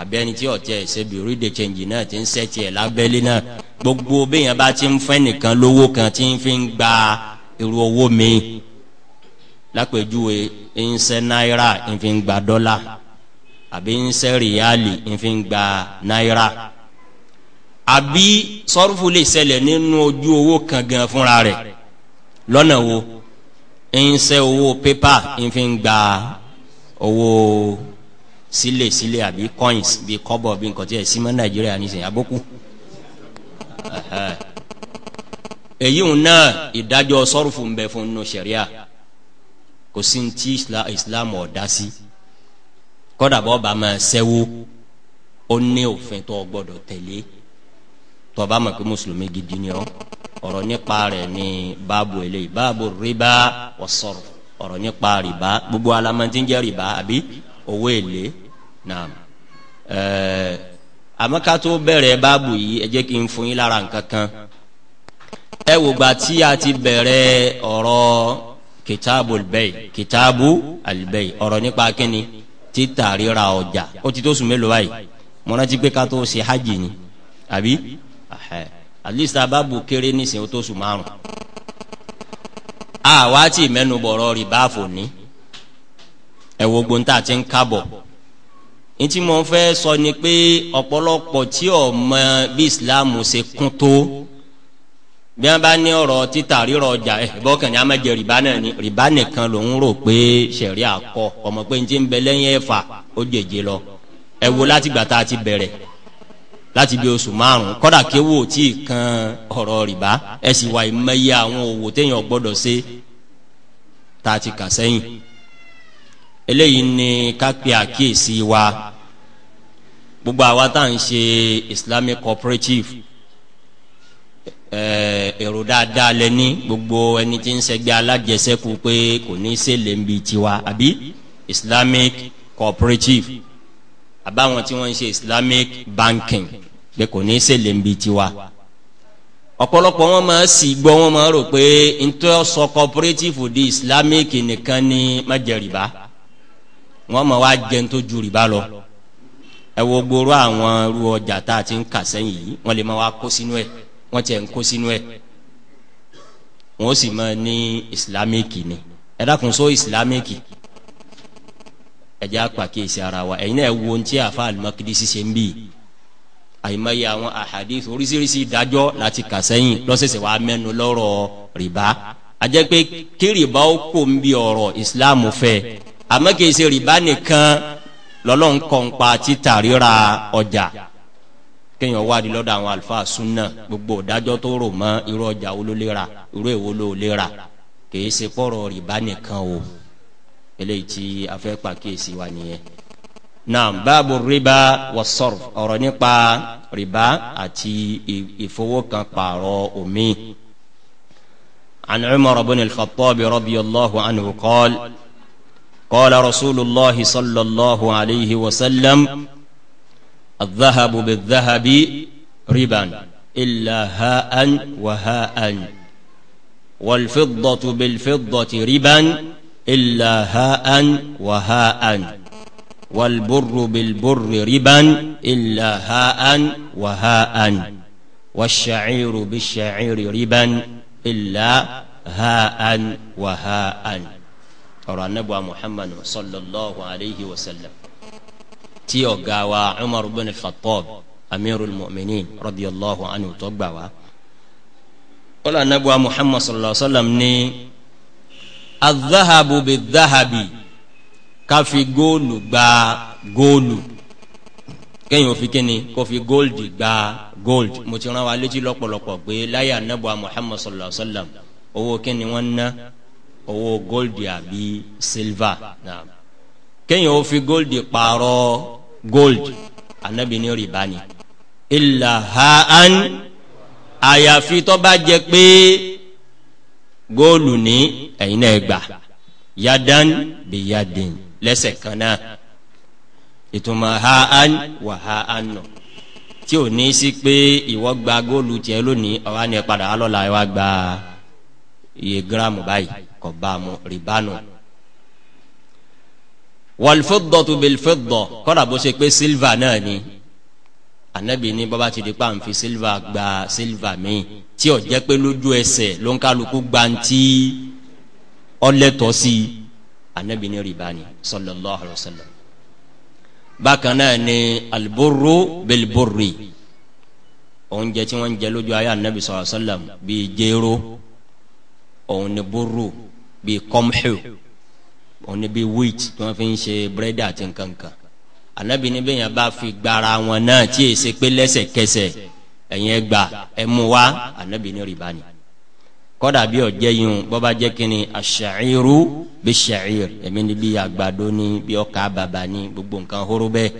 àbí ẹni tí ọ̀tí ẹ̀ ṣe bìrì de chẹ́ǹjì náà ti ń sẹ́tì ẹ̀ lábẹ́lé náà gbogbo béèyàn bá ti ń fẹ́ nìkan lówó kan tí ń fi ń gba irú owó mi lápèjúwe ń ṣe náírà ń fi ń gba dọ́là àbí ń ṣe rìálì ń fi ń gba náírà àbí sọ́rùfù lè ṣẹlẹ̀ nínú ojú owó kan gan fúnra rẹ̀ lọ́nà wo ń ṣe owó pépà ń fi ń gba owó. Owó sílè sílè àbí coins bí kọ́bọ̀ bí nǹkan tí ẹ̀ sí mọ́ nàìjíríà nísìnyí abókú. èyí ń ná ìdájọ́ sọ́rùfù ń bẹ fún nínú sẹ̀ríà kò sí ní tí islam ọ̀dá sí kọ́dà bọ́ bá máa ṣẹ́wó ó ní òfin tó gbọ́dọ̀ tẹ̀lé tó bá mọ̀ pé mùsùlùmí gidi ni ọ́ ọ̀rọ̀ nípa rẹ̀ ní báàbù eléyìí báàbù rìbá wọ́sọ̀rọ̀ ọ̀rọ̀ nípa rìbá gbogbo alamọ̀tí ń jẹ́ rìbá àbí owó èlé naam ẹẹ àmọ́ ká tó bẹ̀rẹ̀ báàbù yìí ẹ jẹ́ kí n fún yín lára nǹkan kan ẹ wò gbà tí a ti bẹ̀rẹ̀ ọ̀rọ̀ kìtàbù albẹ́yì kìtàbù albẹ́yì ọ̀rọ̀ nípa kínni títà ríra ọjà ó ti tó sùn mélòó báyìí mo rántí pé ká tó ṣe hajj ni àbí at least abáàbù kéré nísìnyí ó tó sùn márùn àwa ti mẹ́nu bọ̀rọ̀ ẹ wo gbóńtà ti ń kábọ̀ ntí mo fẹ́ sọ ni pé ọ̀pọ̀lọpọ̀ tí ò mọ bí islam ṣe kún tó bí wọn bá ní ọ̀rọ̀ títà rírọ ọjà ẹ eh, bọkàn ní amẹjẹ rìbá náà ni rìbá nìkan lòún rò pé sẹrí àkọ ọmọ pé njẹ ń bẹ lẹ́yìn ẹfà ó jèjì lọ ẹ wo láti gbà tá a ti bẹ̀rẹ̀ láti bí oṣù márùn kódà kéwò tí kan ọ̀rọ̀ rìbá ẹ sì wà ìmẹyẹ àwọn òwò téèyàn gbọ́dọ̀ ṣe tá a ti kà sẹ́yìn eléyìí ni ká pe àkíyèsí wa gbogbo àwa tá à ṣe islamic cooperative eh, èrò dáadáa lẹni gbogbo ẹni tí ń ṣẹgbẹ́ alájẹsẹ́kù pé kò ní ṣèlè ń bi tiwa àbí islamic cooperative àbáwọn tí wọ́n ń ṣe islamic banking pé kò ní í ṣèlè ń bi tiwa ọ̀pọ̀lọpọ̀ wọn máa sì gbọ́ wọn máa rò pé ntọ́ cooperative di islamic nìkan ní májẹ̀rìbá wọ́n máa wá jẹun tó ju rìbá lọ. ẹ wo àwọn ru ọjà tá a ti ń kà sẹ́yìn yìí lè máa wá kó sínú ẹ̀ wọ́n tiẹ̀ ń kó sínú ẹ̀ sì máa ní ni ẹ dákun sọ ìsìlámíkì ẹ àpàkíyèsí ara wa ẹ̀yin náà wo ohun tí àfa Al-Maqdisi ń bì àyìnbáyé àwọn àhàdíìsì oríṣiríṣi ìdájọ́ láti kà sẹ́yìn lọ́sẹ̀sẹ̀ wàá rìbá pé kí rìbá ó ń lọ́lọ́run kọ́ ń pa títà ríra ọjà kéèyàn wá di lọ́dọ̀ àwọn àlùfáà súnà gbogbo ìdájọ́ tó rò mọ́ irú ọjà wo ló léra irú èwo ló léra kìí ṣe pọ̀rọ̀ rìbá nìkan o eléyìí tí a fẹ́ pàkíyèsí wa nìyẹn. náà báàbò rìbá wà sọ̀rọ̀ ọ̀rọ̀ nípa rìbá àti ìfowókan pààrọ̀ omi. عن عمر بن الخطاب رضي الله عنه قال قال رسول الله صلى الله عليه وسلم الذهب بالذهب ربا إلا هاء وهاء والفضة بالفضة ربا إلا هاء وهاء والبر بالبر ربا إلا هاء وهاء والشعير بالشعير ربا إلا هاء وهاء ọ̀rọ̀ anabu muhammad sallallahu alayhi wa sallam tí ọ̀gá wa umar bin khattab amirul mu'minin radiyallahu anhu tó gbà wá. ọ̀rọ̀ anabu muhammad sallallahu alayhi wa sallam ní azahabu bi zahabi káfi góòlù gba góòlù kéèyàn fi kíni kó fi góòlù gba góòlù mo ti rán wa létí lọ́pọ̀lọpọ̀ pé láyé anabu muhammad sallallahu alayhi wa sallam owó kíni wọ́n ná owó góòlì àbí silva náà kéèyàn ó fi góòlì pààrọ̀ góòlì anabi ní rìbá ni ilà ha an àyàfi tó bá jẹ́ pé góòlù ní ẹ̀yin náà gbà yadan bi yadin lẹ́sẹ̀ kan náà ìtumọ̀ ha an wà ha an nù. No tí ò ní sí pé ìwọ gba góòlù tiẹ lónìí ọwọ padà alọ́la ẹ wá gba iye gíráàmù báyìí kò bá a mu rìbá nù. wal-fiddatu bil-fidda kọ́dà bó ṣe pé sílvà náà ni anabi ní bàbá ti di pa n fi sílvà gba sílvà mi tí ó jẹ́ pé lójú ẹsẹ̀ ló ń kálukú gbanti ọlẹ́tọ̀ sí anabi ní rìbá ni sallallahu alaihi wasallam bákan náà ni al-burru oúnjẹ tí wọ́n jẹ lójú ayé anabi sallallahu alaihi wasallam bíi jéró òun ni burru bíi kọ́mḥù wọn ni bíi wheat tí wọ́n fi ń ṣe búrẹ́dì àti nkankan anabi ni bẹ́ẹ̀ yẹn bá fi gbara wọn náà tí èsì pé lẹ́sẹ̀kẹsẹ̀ ẹ̀yin ẹgbà ẹmu wa anabi ni rìbá ni kọ́dà bí ọ̀jẹ́ yìí bọ́ba jẹ́ kínní aṣàìrú bí ṣàìr ẹ̀mí ni bí àgbàdo ni bí ọkà bàbà ni gbogbo nǹkan horo bẹ́ẹ̀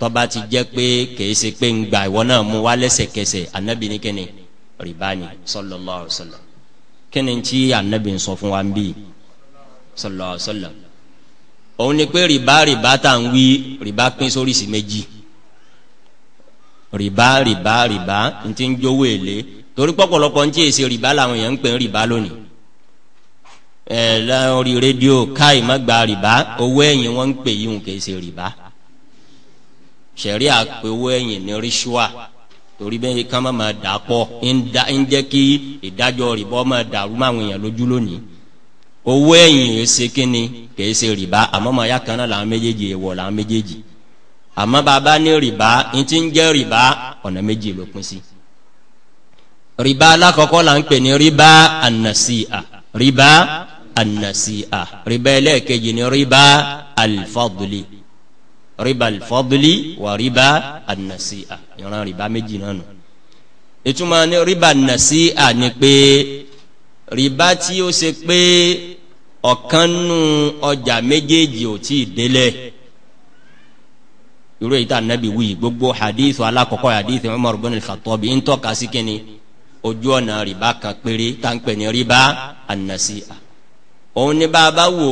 tọ́ba ti jẹ́ pé kèé pé ń gbà ìwọ náà mu wa lẹ́sẹ̀kẹsẹ̀ anabi ni kínní rìbá ni sallallahu alaihi wasallam kíni tí anabi ń sọ fún wa ń bí sallallahu alaihi wasallam òun ni pé rìbá rìbá tá à ń wí rìbá pín sórí sí méjì rìbá rìbá rìbá n ti ń jówó èlé torí pọ̀pọ̀lọpọ̀ ń tí èsì rìbá làwọn èèyàn ń pè ń rìbá lónìí ẹ lórí rédíò káì má gba rìbá owó ẹ̀yìn wọ́n ń pè yíwọn kì í ṣe rìbá ṣẹ̀rí àpè owó ẹ̀yìn ní ríṣùà torí bẹ́ẹ̀ ká má máa dà pọ̀ ń jẹ́ kí ìdájọ́ rìbọ́ máa dàrú máwọn èèyàn lójú lónìí owó ẹ̀yìn yìí ṣe kínni kìí ṣe rìbá àmọ́ màá yá kan náà làwọn méjèèjì èèwọ̀ làwọn méjèèjì àmọ́ bàbá ní rìbá ń ti ń jẹ́ rìbá ọ̀nà méjì ló pín sí. rìbá alákọ̀ọ́kọ́ là ń pè ní rìbá ànàsíà rìbá ànàsíà rìbá ẹlẹ́ẹ̀kejì ní rìbá alifaduli riba al-fadli wa riba an-nasi'a ìran riba méjì náà nù ìtumọ̀ ní riba an-nasi'a ni pé riba tí ó ṣe pé ọ̀kan nù ọjà méjèèjì ò tí ì délẹ̀ irú èyí tá nàbì wí gbogbo hadith alakọkọ hadith Umar ibn al-Khattab ń tọ́ka sí ojú ọ̀nà riba kan péré tá ń pè ní riba an òun ni bàbá wò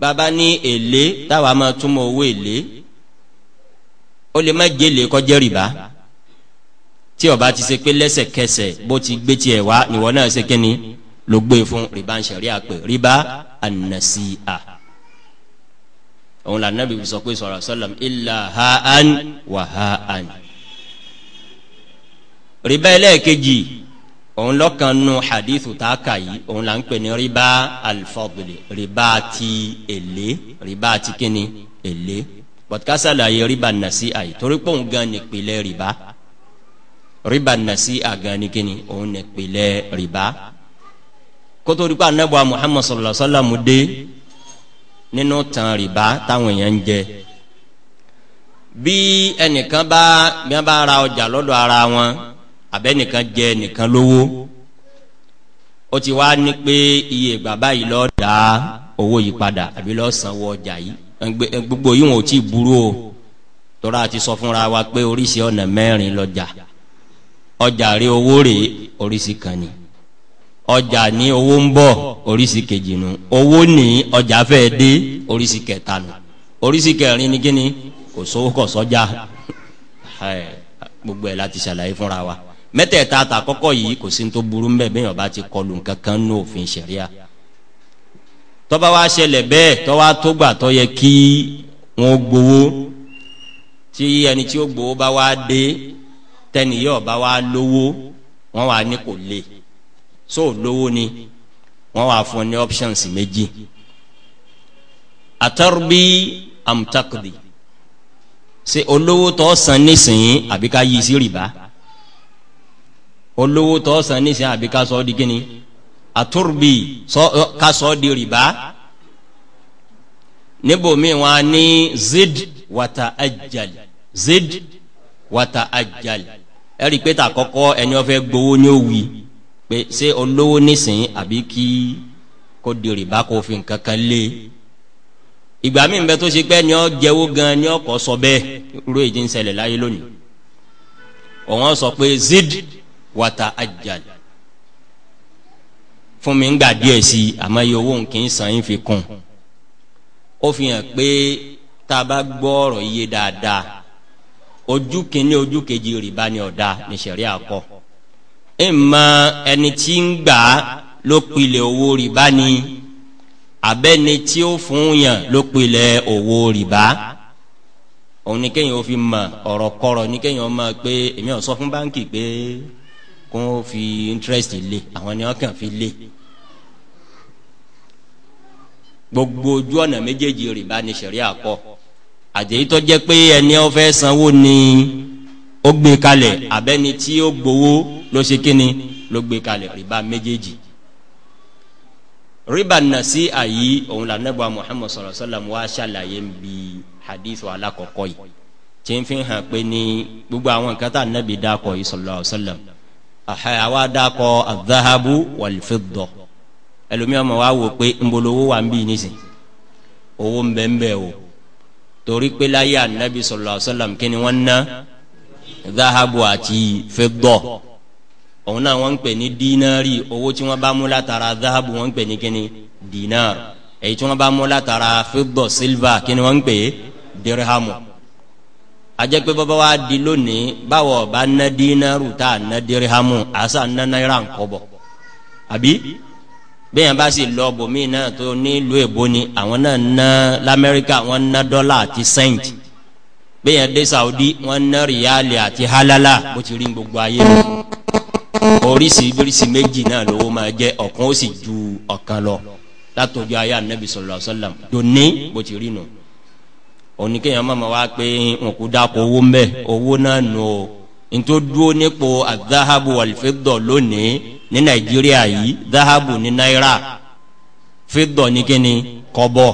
bàbá ní èlé táwa máa túmọ̀ owó èlé ó lè má jèlé kó jẹ́ rìbá tí ó bá ti ṣe pé lẹ́sẹ̀kẹsẹ̀ bó ti gbé tiẹ̀ wá níwọ náà ṣe kíni ló gbé e fún rìbá ń ṣẹ̀rí àpè rìbá ànàsíà òun lànà bíbí sọ pé sọ̀rọ̀ sọ́lọ̀m ilà ha an wà ha an rìbá ẹlẹ́ẹ̀kejì òun lọ́kàn nu hadithu tá a kà yìí òun là ń pè ní riba alifadule riba ti èlé riba ti kíni èlé bọ̀dùkásá làyè riba nasi àyè torí pé òun gan nípìnlẹ̀ riba riba nasi àgàn ní kíni òun nípìnlẹ̀ riba kótó dùkú anábọ̀ muhammad sallallahu alaihi wa sallam dé nínú tàn riba táwọn èèyàn ń jẹ bí ẹnìkan bá bí wọn bá ra ọjà lọ́dọ̀ ara wọn abẹ́nìkan jẹ nìkan lówó ó ti wá ní pé iye baba yìí lọ́ọ́ da owó yìí padà àbí lọ́ọ́ sanwó ọjà yìí gbogbo yìí wọn ò tí ì burú o tọ́ra ti sọ fúnra wa pé oríṣi ọ̀nà mẹ́rin lọ́jà ọjà rí owó rè oríṣi kan ni ọjà ní owó ń bọ̀ oríṣi kejì nu owó ní ọjà fẹ́ dé oríṣi kẹta nu oríṣi kẹrin ni kíni kò sówó kọ̀ sọ́jà gbogbo ẹ̀ láti ṣàlàyé fúnra wa mẹ́tẹ̀ẹ̀ta àtàkọ́kọ́ yìí kò sí tó burú mbẹ́ bẹ́ẹ̀ ọba ti kọlu nǹkan ní òfin ṣẹ̀ríà tọ́ba wa ṣẹlẹ̀ bẹ́ẹ̀ tọ́wa tó gbà tọ́ yẹ kí wọ́n gbowó tí ẹni tí ó gbowó bá wá dé tẹniyẹ ọba wa lówó wọ́n wà ní kò le so lówó ni wọ́n wà fún ní options méjì atarbi amtakdi ṣe olówó tó san nísìnyí àbí ká yí sí rìbá olówó tó san nísìn àbí ká sọ di kíni àtúrbì ká sọ di rìbá níbòmíì wọn ní zid wata ajal zid wata ajal ẹ̀rí pé tà kọ́kọ́ ẹni wọ́n fẹ́ gbowó ní òwì pé ṣé olówó nísìn àbí kí kó di rìbá kó fi nǹkan kan lé ìgbà míì bẹ tó ṣe pé ni ọ jẹ́wọ́ gan ni ọkọ̀ sọ bẹ́ẹ̀ rú èyí ń ṣẹlẹ̀ láyé lónìí òun sọ pé zid wata ajal fún mi ń gbà díẹ̀ sí i àmọ́ iye owó nǹkan san yín fi kún ó fi hàn pé tá a bá gbọ́ ọ̀rọ̀ iye dáadáa ojú kìíní ojú kejì rìbá ni ọ̀dà ní sẹ̀rí àkọ́ ẹ̀ mọ ẹni tí ń gbà ló pilẹ̀ owó rìbá ni abẹ́ni tí ó fún yàn ló pilẹ̀ owó rìbá òun ni kéèyàn fi mọ ọ̀rọ̀ kọ́rọ̀ ni kéèyàn mọ pé èmi ò sọ fún báńkì pé. Pe kó wọn fi interest lé àwọn ni wọn kàn fi lé gbogbo ojú ọ̀nà méjèèjì rìbá ni sẹ̀ríà kọ́ àtẹ̀yí tó jẹ́ pé ẹni ó fẹ́ sanwó ni ó gbé kalẹ̀ abẹ́ni tí ó gbowó ló ṣe kíni ló gbé kalẹ̀ rìbá méjèèjì rìbá nàṣí àyí òun là nẹ́bọ̀ Muhammad sallallahu alaihi wasallam wá ṣàlàyé ń bi hadith alákọ̀ọ́kọ́ yìí tí ń fi hàn pé ní gbogbo àwọn nǹkan tá a nẹ́bi dákọ̀ yìí sallallahu alaihi àwa dákọ àdáhàbù wàlfẹ́dọ̀ ẹlòmíràn máa wá wò pé nbolówó wà ń bí nísìn owó ń bẹ ń bẹ o torí pé láyé anabi sallallahu alaihi wasallam kí ni wọ́n ná dáhàbù àti fẹ́dọ̀ òun náà wọ́n ń pè ní dínárì owó tí wọ́n bá mú látara dáhàbù wọ́n ń pè ní kíni dínárì èyí tí wọ́n bá mú látara fẹ́dọ̀ sílvà kí ni wọ́n ń pè é dírhámù ajẹ́ pé bọ́bá wa di lónìí báwọ̀ bá ná dínárù tá a ná díríhámù àṣà ná náírà ń kọ́ bọ̀ àbí bẹ́ẹ̀ bá sì lọ bòmíì náà tó nílùú èbó ni àwọn náà ná lamẹ́ríkà wọ́n ná dọ́là àti sẹ́ǹt bẹ́ẹ̀ dé saudi wọ́n ná rìálì àti hálálà bó ti rí gbogbo ayé lọ oríṣiríṣi méjì náà lówó máa jẹ́ ọ̀kan ó sì ju ọ̀kan lọ látọjú ayé anabi sallallahu alaihi wasallam dòní bó ti rí nù. No oníkéèyàn máa ma wá pé wọn kò dáko owó mbẹ owó náà nù o nítorí ó dúró nípò azahabu alifidọ lónìí ní nàìjíríà yìí zahabu ní náírà fidọ ní kíni kọ́bọ̀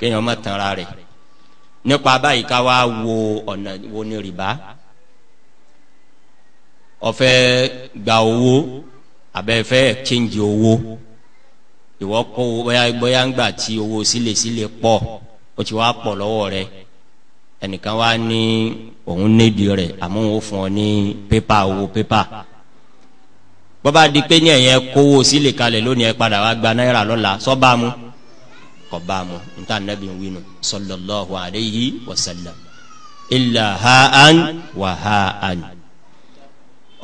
kéèyàn tanra rẹ̀ nípa báyìí ká wá wo ọ̀nà wo ni rìbá ó gba owó abẹ́ fẹ́ owó ìwọ bóyá ń gbà ó ti wá pọ̀ lọ́wọ́ rẹ̀ ẹnìkan wá ní òun nídìí rẹ̀ àmọ́ òun fún ọ ní pépà owó pépà bọ́ba di pé ní ẹ̀yẹ kówó sílè kalẹ̀ lónìí ẹ padà wá gba náírà lọ́la sọ́ba mu kọ́ba mu níta nàbí wínú sallallahu alayhi wa sallam illa ha an wa ha an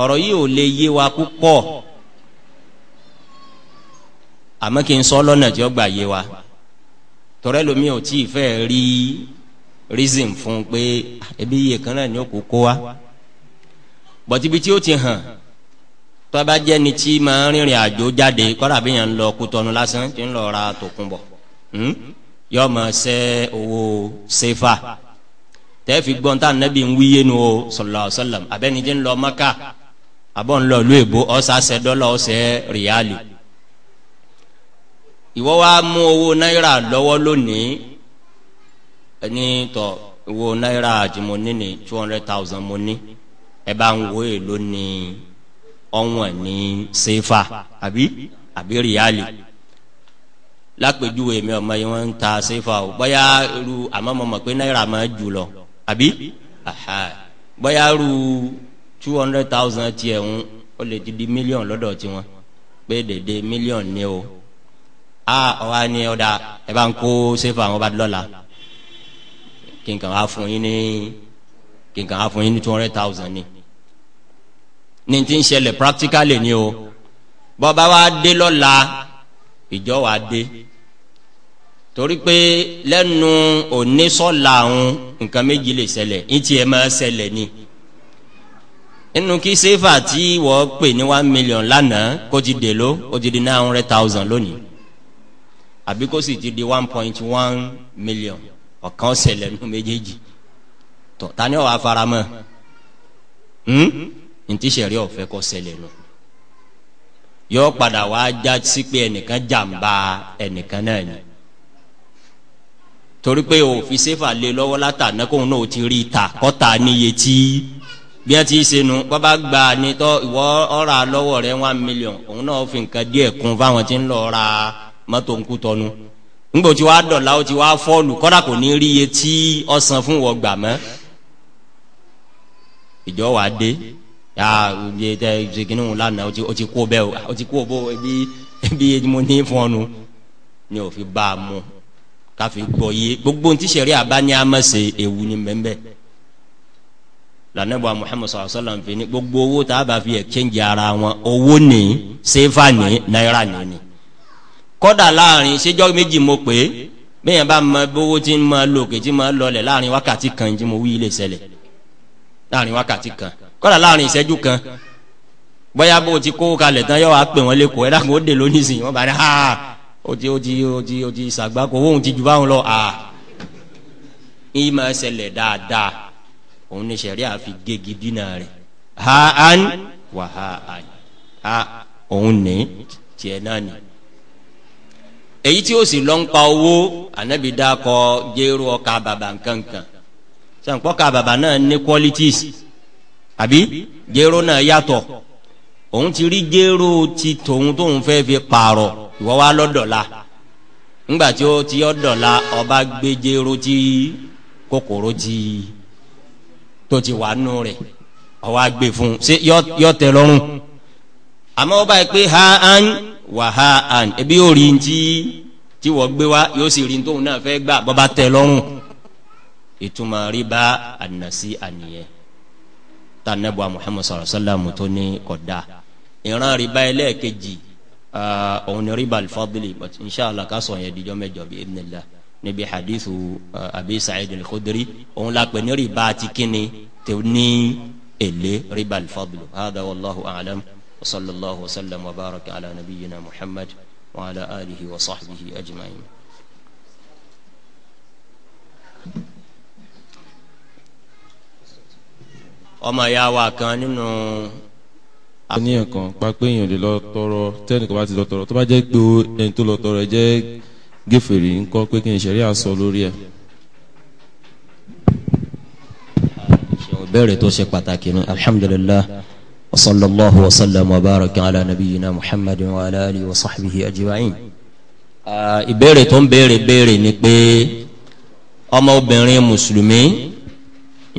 ọ̀rọ̀ yìí ò lè yé wa púpọ̀ àmọ́ kí n sọ lọ́nà tí ó gbà yé wa tọrẹ lomi ò tí ì fẹ́ rí reason fún un pé ah, ẹbí iye kan náà ni ó kó kó wa bọ̀tíbi tí ó ti hàn tọ́ba jẹ́ ni tí máa rìnrìn àjò jáde kọ́ra bí yẹn ń lọ kutọ́nu lásán tí ń lọ ra tòkun bọ̀ yọ ma ṣe owó sefa tẹ́ẹ̀fì gbọ́n tá nẹ́bí ń wíyé nu o sallallahu alaihi wasallam abẹ́ni tí ń lọ Mẹ́kà abọ́ ń lọ ìlú èbó ọ̀sà ṣẹ́ ọ̀sẹ̀ rìálì ìwọ wa mú owó náírà lọ́wọ́ lónìí ẹni tọ owó náírà tí mo ní ní two hundred thousand mo ní ẹ bá ń wo èlò ní ọ̀wọ́n ní sefa àbí àbí ríálì lápèjúwe mi ọmọ yìí wọ́n ń ta sefa o bóyá irú àmọ́ mo mọ̀ pé náírà máa jù lọ àbí bóyá irú two hundred thousand tiẹ̀ ń ó lè ti di mílíọ̀nù lọ́dọ̀ tiwọn pé dèdè mílíọ̀nù ni o a ọ̀wá ni ọ̀dà ẹ bá ń kó sẹ́fà àwọn ọba lọ́la kí n kàn á fún yín ní kí n kàn á fún yín ní two hundred thousand ni ní ti ń ṣẹlẹ̀ practically ni o bọ́ba wa dé lọ́la ìjọ wa dé torí pé lẹ́nu onísọ́la àwọn nǹkan méjì lè ṣẹlẹ̀ ìtì ẹ̀ máa ṣẹlẹ̀ ni nínú kí sẹ́fà tí wọ́n pè ní one million lánàá kó ti dè ló ó ti di nine hundred thousand lónìí àbí kó sì ti di one point one million ọ̀kan ṣẹlẹ̀ nù méjèèjì tọ́ ta ni ọ̀wá faramọ́ hmm? ntí sẹ̀rí ọ̀fẹ́ kọ́ ṣẹlẹ̀ nù yọ padà wá já sí pé ẹnìkan jàǹbá ẹnìkan náà ni torí pé òfin sefa lé lọ́wọ́ látàná kóun náà ti rí ta kọ́ta níye tí bí a ti senu bàbá gba nítọ́ ìwọ ọ̀ra lọ́wọ́ rẹ̀ one million òun náà fi nǹkan díẹ̀ kún fáwọn tí ń lọ ra mọ́tò ń kú tọ́nu ńgbò tí wàá dọ̀la ó ti wàá fọ́ọ̀lù kọ́dà kò ní rí iye tí ọ̀sán fún wọ́n gbà mọ́ ìjọ wàá dé yà iye tẹ ṣèkínní wọn lánàá ó ti kó bẹ́ẹ̀ ó ti kó bó ebi ebi mo ní fọ́ọ̀nù ni ò fi bá a mú káfi gbọ́ yé gbogbo ntí sẹ̀rí àbá ní a máa ṣe ewu ni bẹ́ẹ̀ lànàbọ̀ Muhammad sallallahu alaihi wasallam ni gbogbo owó tá a bá fi ẹ̀ kéńjì ara wọn owó ní sèfà ní náírà ní ni kọ́dà láàrin ṣéjọ́ méjì mo pè é bẹ́ẹ̀ bá mọ bówó tí ń mọ lòkè tí mọ lọlẹ̀ láàrin wákàtí kan tí mo wí ilé ṣẹlẹ̀ láàrin wákàtí kan kọ́dà láàrin ìṣẹ́jú kan bóyá bó ti kó kalẹ̀ tán yóò wá pè wọ́n lẹ́kọ̀ọ́ ẹ̀dá kò dé lónìí sìn wọ́n bá dé haa o ti o ti o ti o ti sàgbákò òun ti jù báwọn lọ haa ìmọ̀ ṣẹlẹ̀ dáadáa òun ni sẹ̀rí àfi gégi dínà rẹ̀ ha an wà ha an ha òun ní tiẹ̀ náà ni. èyí tí ó sì lọ ń pa owó ànábì dákọ jéró ọkà bàbà nkankan sàǹpọ̀ ọkà bàbà náà ní qualities àbí jéró náà yàtọ̀ òun ti rí jéró ti tòun tóun fẹ́ fi pààrọ̀ ìwọ́ wa lọ́dọ̀la ńgbà tí ó ti ọ̀dọ̀la ọba gbé jéró tí kòkòrò ti tó ti wà nù rẹ̀ ọwọ́ àgbè fún un ṣé yọ tẹ lọ́rùn àmọ́ ọba yìí pé ha án. wàhá àn ebi yóò rí ntí tí wọ́n gbé wá yóò sì rí tóun náà fẹ́ gbà bọ́ bá tẹ lọ́rùn ìtumọ̀ rìbá ànàsí ànìyẹ tànàbọ̀ Muhammad sallallahu alaihi wasallam tó ní kọ̀dá ìran rìbá ẹlẹ́ẹ̀kejì òun ni rìbá alifadili but inshallah ká sọ yẹn dijọ́ mẹ́jọ bí ibnillah níbi hadithu abi sa'id al-khudri òun la pè ní rìbá ti kíni tó ní èlé rìbá alifadilu hada wallahu a'lam. وصلى الله وسلم وبارك على نبينا محمد وعلى آله وصحبه أجمعين ọmọ ya wa kan nínú. àníyàn kan pápẹ́ èèyàn lè lọ tọrọ tẹ́nìkan bá ti lọ tọrọ tó bá jẹ́ pé ẹni tó lọ tọrọ ẹ jẹ́ gẹ́fẹ̀rí ńkọ́ pé kí n ṣẹ̀rí àsọ lórí ẹ̀. ìṣẹ̀wọ̀n bẹ̀rẹ̀ tó ṣe pàtàkì náà alhamdulilayi. وصلى الله وسلم وبارك على نبينا محمد وعلى آله وصحبه أجمعين ìbéèrè tó ń béèrè béèrè ni pé ọmọ obìnrin mùsùlùmí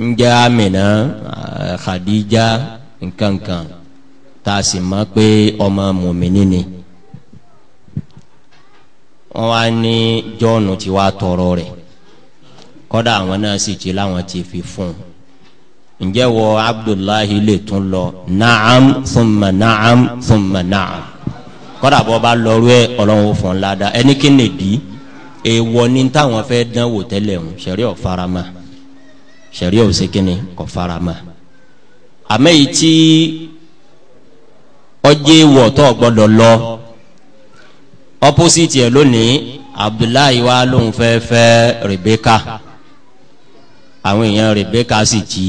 ń jẹ́ amina ah, khadija nkankan tá a sì mọ̀ pé ọmọ mùmíní ni wọ́n wá ní jọ́ọ̀nù tí wàá tọrọ rẹ̀ kọ́dà àwọn náà sì ti láwọn ti fi fún un ǹjẹ́ wọ abdullahi lè tún lọ naam thumma naam thumma naam kọ́dà bọ́ bá lọ́rú ẹ̀ ọlọ́run fún ládà ẹni kí ni di èèwọ̀ ní táwọn fẹ́ dán wò tẹ́lẹ̀ ń sẹ̀rí ọ̀farama sẹ̀rí ọ̀sẹ̀kínni ọ̀farama àmẹ́yìí tí ọjẹ́ wọ̀ tó gbọ́dọ̀ lọ opposite ẹ̀ lónìí abdullahi wa lóun fẹ́ fẹ́ rebeka. àwọn èèyàn Rebeka sì ti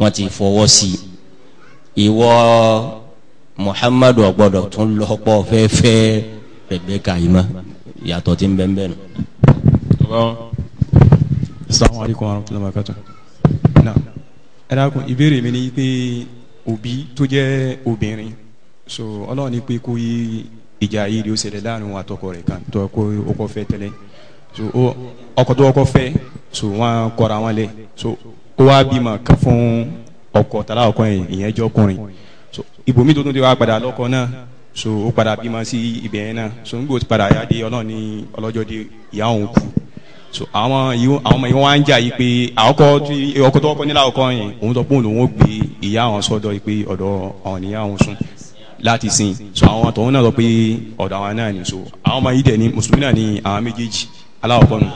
wọ́n ti fọwọ́ sí ìwọ Muhammadu ọgbọdọ tún lọpọ fẹfẹ Rebeka yìí mọ yàtọ̀ tí ń bẹ ń bẹ nù. ìbéèrè mi ni pé òbí ni pé kó yí ìjà yìí ṣẹlẹ̀ láàrin kan o kọ́ fẹ́ so ó ọkọ tó so wọ́n kọra wọn lẹ̀ so ó wá bímọ kan fún ọkọ tala ọkọ yẹn ìyẹn jọ so ibòmí tó tún ti wá padà lọ́kọ náà so ó padà bímọ sí ibẹ̀ yẹn náà so nígbà tó padà yá dé ọlọ́ọ̀ni ọlọ́jọ́ dé ìyá òun kú so àwọn yìí àwọn ọmọ yìí wọ́n á ń jà yìí pé àkọ́kọ́ tí ọkọ tó kọ́ nílà ọkọ yẹn òun tó pọ́n lòun ó gbé ìyá àwọn sọ́dọ̀ yìí pé ọ̀dọ̀ ọ̀hún ìyá àwọn sùn láti sìn so àwọn tòun náà lọ pé ọ̀dọ̀ àwọn náà ni so àwọn ọmọ yìí dẹ̀ ni mùsùlùmí náà ni àwọn méjèèjì aláwọ̀ kọ́nu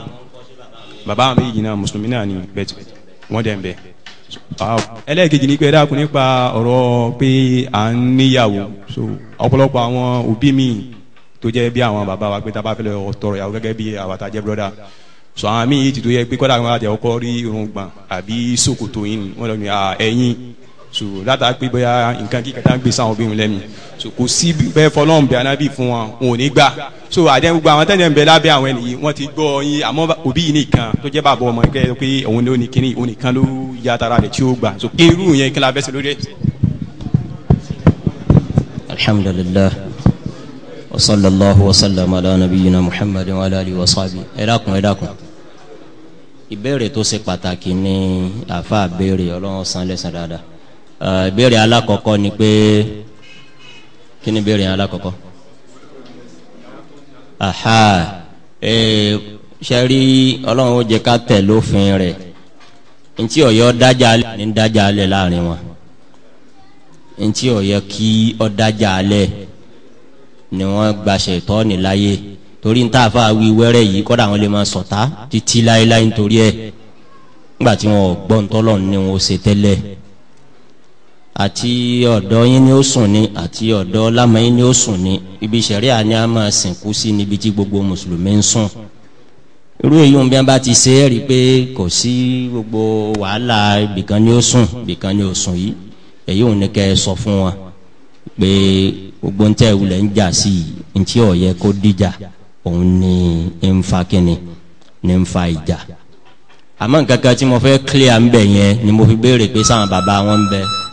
bàbá àwọn méjì náà mùsùlùmí náà ni bẹ́ẹ̀ wọ́n dẹ̀ ń bẹ́ẹ̀ ẹlẹ́ẹ̀kejì ní pé ẹ̀dá nípa ọ̀rọ̀ pé à ń níyàwó so ọ̀pọ̀lọpọ̀ àwọn òbí mi tó jẹ́ bí àwọn bàbá wa pé tá a bá fẹ́ lọ tọrọ ìyàwó gẹ́gẹ́ bí àwàtà jẹ́ brọ́dà so àwọn míì ti tó yẹ pé kọ́dà àwọn àjẹ́ ọkọ rí irun gbọ̀n àbí ṣòkòtò yìí wọ́n lọ ní ẹ̀yìn so látà pé bóyá nǹkan kí kàtà gbé sáwọn obìnrin lẹ́nu so kò sí bẹ́ẹ̀ fọlọ́n bẹ́ẹ̀ anábì fún wọn wọn ò ní gbà so àdéhùn gbogbo àwọn tẹ́lẹ̀ ń bẹ lábẹ́ àwọn ènìyàn wọ́n ti gbọ́ yín àmọ́ òbí yìí nìkan tó jẹ́ bàbá ọmọ ẹgbẹ́ pé òun ló ní kíní òun nìkan ló ya tara rẹ̀ tí ó gbà so irú yẹn kí la bẹ́sẹ̀ lórí ẹ̀. alhamdulillah wa sallallahu wa sallam ala nabiyyina muhammad wa ala alihi wa sahbihi ẹ dákun ẹ dákun ìbéèrè tó ṣe pàtàkì ni àfa àbéèrè ọlọ́run san lẹ́sàn dáadáa ìbéèrè alákọ̀ọ́kọ́ ni pé kí ni ìbéèrè alákọ̀ọ́kọ́ aha ee sẹ́rí ọlọ́run ó jẹ́ ká tẹ̀ lófin rẹ̀ ntí ọ̀yọ́ dájà alẹ́ ní dájà alẹ́ láàrin wọn ntí ọ̀yọ́ kí ọ dájà alẹ́ ni wọ́n gbaṣẹ́ ìtọ́ni láyé torí ń tàfà wí wẹ́rẹ́ yìí kọ́dà wọn lè máa sọ̀tá títí láéláé nítorí ẹ̀ nígbà tí wọn ò gbọ́ ntọ́lọ́ ní wọn ó ṣe tẹ́lẹ̀ àti ọ̀dọ́ yín ni ó sùn ni àti ọ̀dọ́ lámà yín ni ó sùn ni ibi sẹ̀ríà ni a máa sìnkú sí níbi tí gbogbo mùsùlùmí ń sùn irú èyí ń bí wọn bá ti ṣe é rí i pé kò sí gbogbo wàhálà ibìkan ni ó sùn ibìkan ni ó sùn yìí èyí ò ní kẹ́ ẹ sọ fún wọn pé gbogbo ń tẹ́ ìwúlẹ̀ ń jà sí i ntí ọ̀yẹ́ kó dìjà òun ni ń fa kínni ni ń fa ìjà àmọ́ nǹkan kan tí mo fẹ́ clear ń bẹ̀ yẹn ni mo fi béèrè pé sáwọn bàbá wọn ń bẹ́ẹ̀.